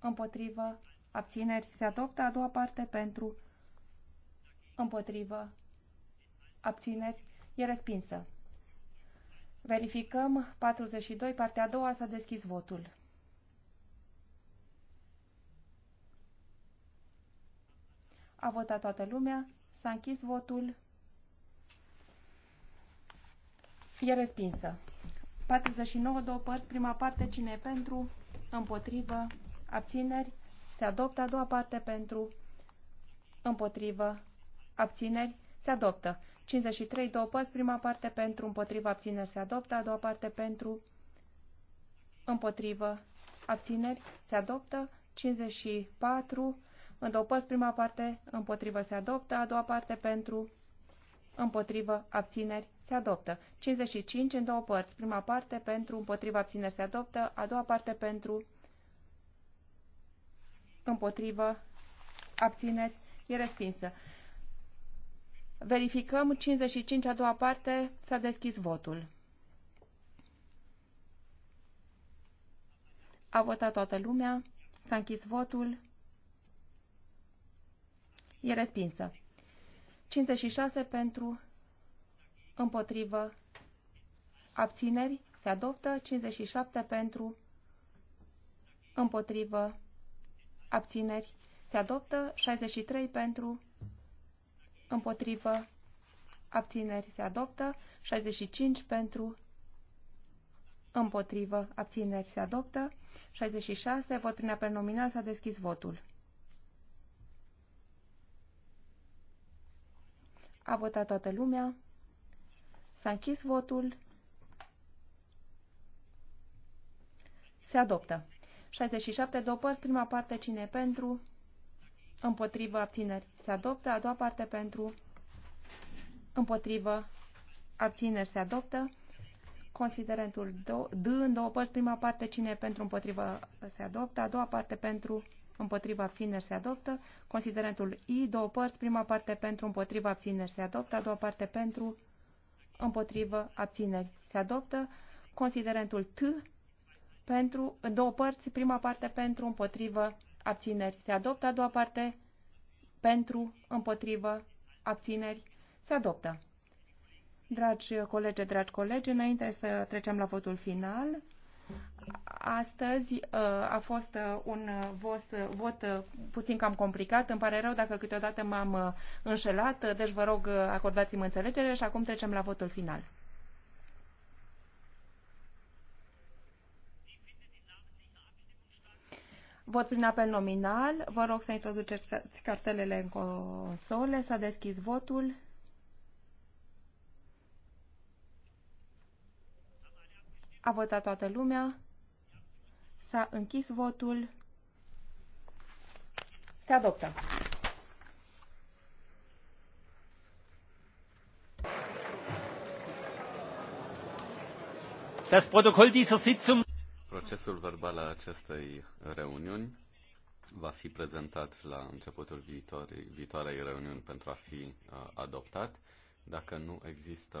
împotrivă, abțineri, se adoptă. A doua parte pentru, împotrivă, abțineri, e respinsă. Verificăm 42, partea a doua s-a deschis votul. A votat toată lumea, s-a închis votul, e respinsă. 49, două părți, prima parte, cine e pentru, împotrivă, abțineri, se adoptă. A doua parte pentru, împotrivă, abțineri, se adoptă. 53, două părți, prima parte pentru, împotrivă, abțineri, se adoptă. A doua parte pentru, împotrivă, abțineri, se adoptă. 54, în două părți, prima parte împotrivă, se adoptă. A doua parte pentru, împotrivă, abțineri, se adoptă. 55, în două părți, prima parte pentru, împotrivă, abțineri, se adoptă. A doua parte pentru, împotrivă, abțineri, e respinsă. Verificăm 55 a doua parte, s-a deschis votul. A votat toată lumea, s-a închis votul, e respinsă. 56 pentru, împotrivă, abțineri, se adoptă, 57 pentru, împotrivă, abțineri, se adoptă. 63 pentru, împotrivă, abțineri, se adoptă. 65 pentru, împotrivă, abțineri, se adoptă. 66, vot prin apel nominal, s-a deschis votul. A votat toată lumea. S-a închis votul. Se adoptă. 67, două părți, prima parte cine pentru, împotrivă, abțineri se adoptă, a doua parte pentru, împotrivă, abțineri se adoptă, considerentul D în două părți, prima parte cine pentru, împotrivă, se adoptă, a doua parte pentru, împotriva abțineri se adoptă, considerentul I, două părți, prima parte pentru, împotriva abțineri se adoptă, a doua parte pentru, împotrivă, abțineri se adoptă, considerentul T, pentru, în două părți, prima parte pentru, împotrivă, abțineri. Se adoptă a doua parte pentru, împotrivă, abțineri. Se adoptă. Dragi colegi, dragi colegi, înainte să trecem la votul final, Astăzi uh, a fost uh, un uh, vot vot puțin cam complicat. Îmi pare rău dacă câteodată m-am înșelat, deci vă rog acordați-mi înțelegere și acum trecem la votul final. Vot prin apel nominal. Vă rog să introduceți cartelele în console. S-a deschis votul. A votat toată lumea. S-a închis votul. Se adoptă. Das Protokoll dieser Sitzung Procesul verbal al acestei reuniuni va fi prezentat la începutul viitorii, viitoarei reuniuni pentru a fi uh, adoptat. Dacă nu există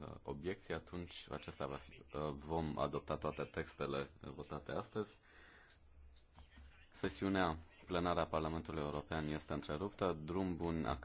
uh, obiecții, atunci acesta va fi, uh, vom adopta toate textele votate astăzi. Sesiunea plenară a Parlamentului European este întreruptă. Drum bun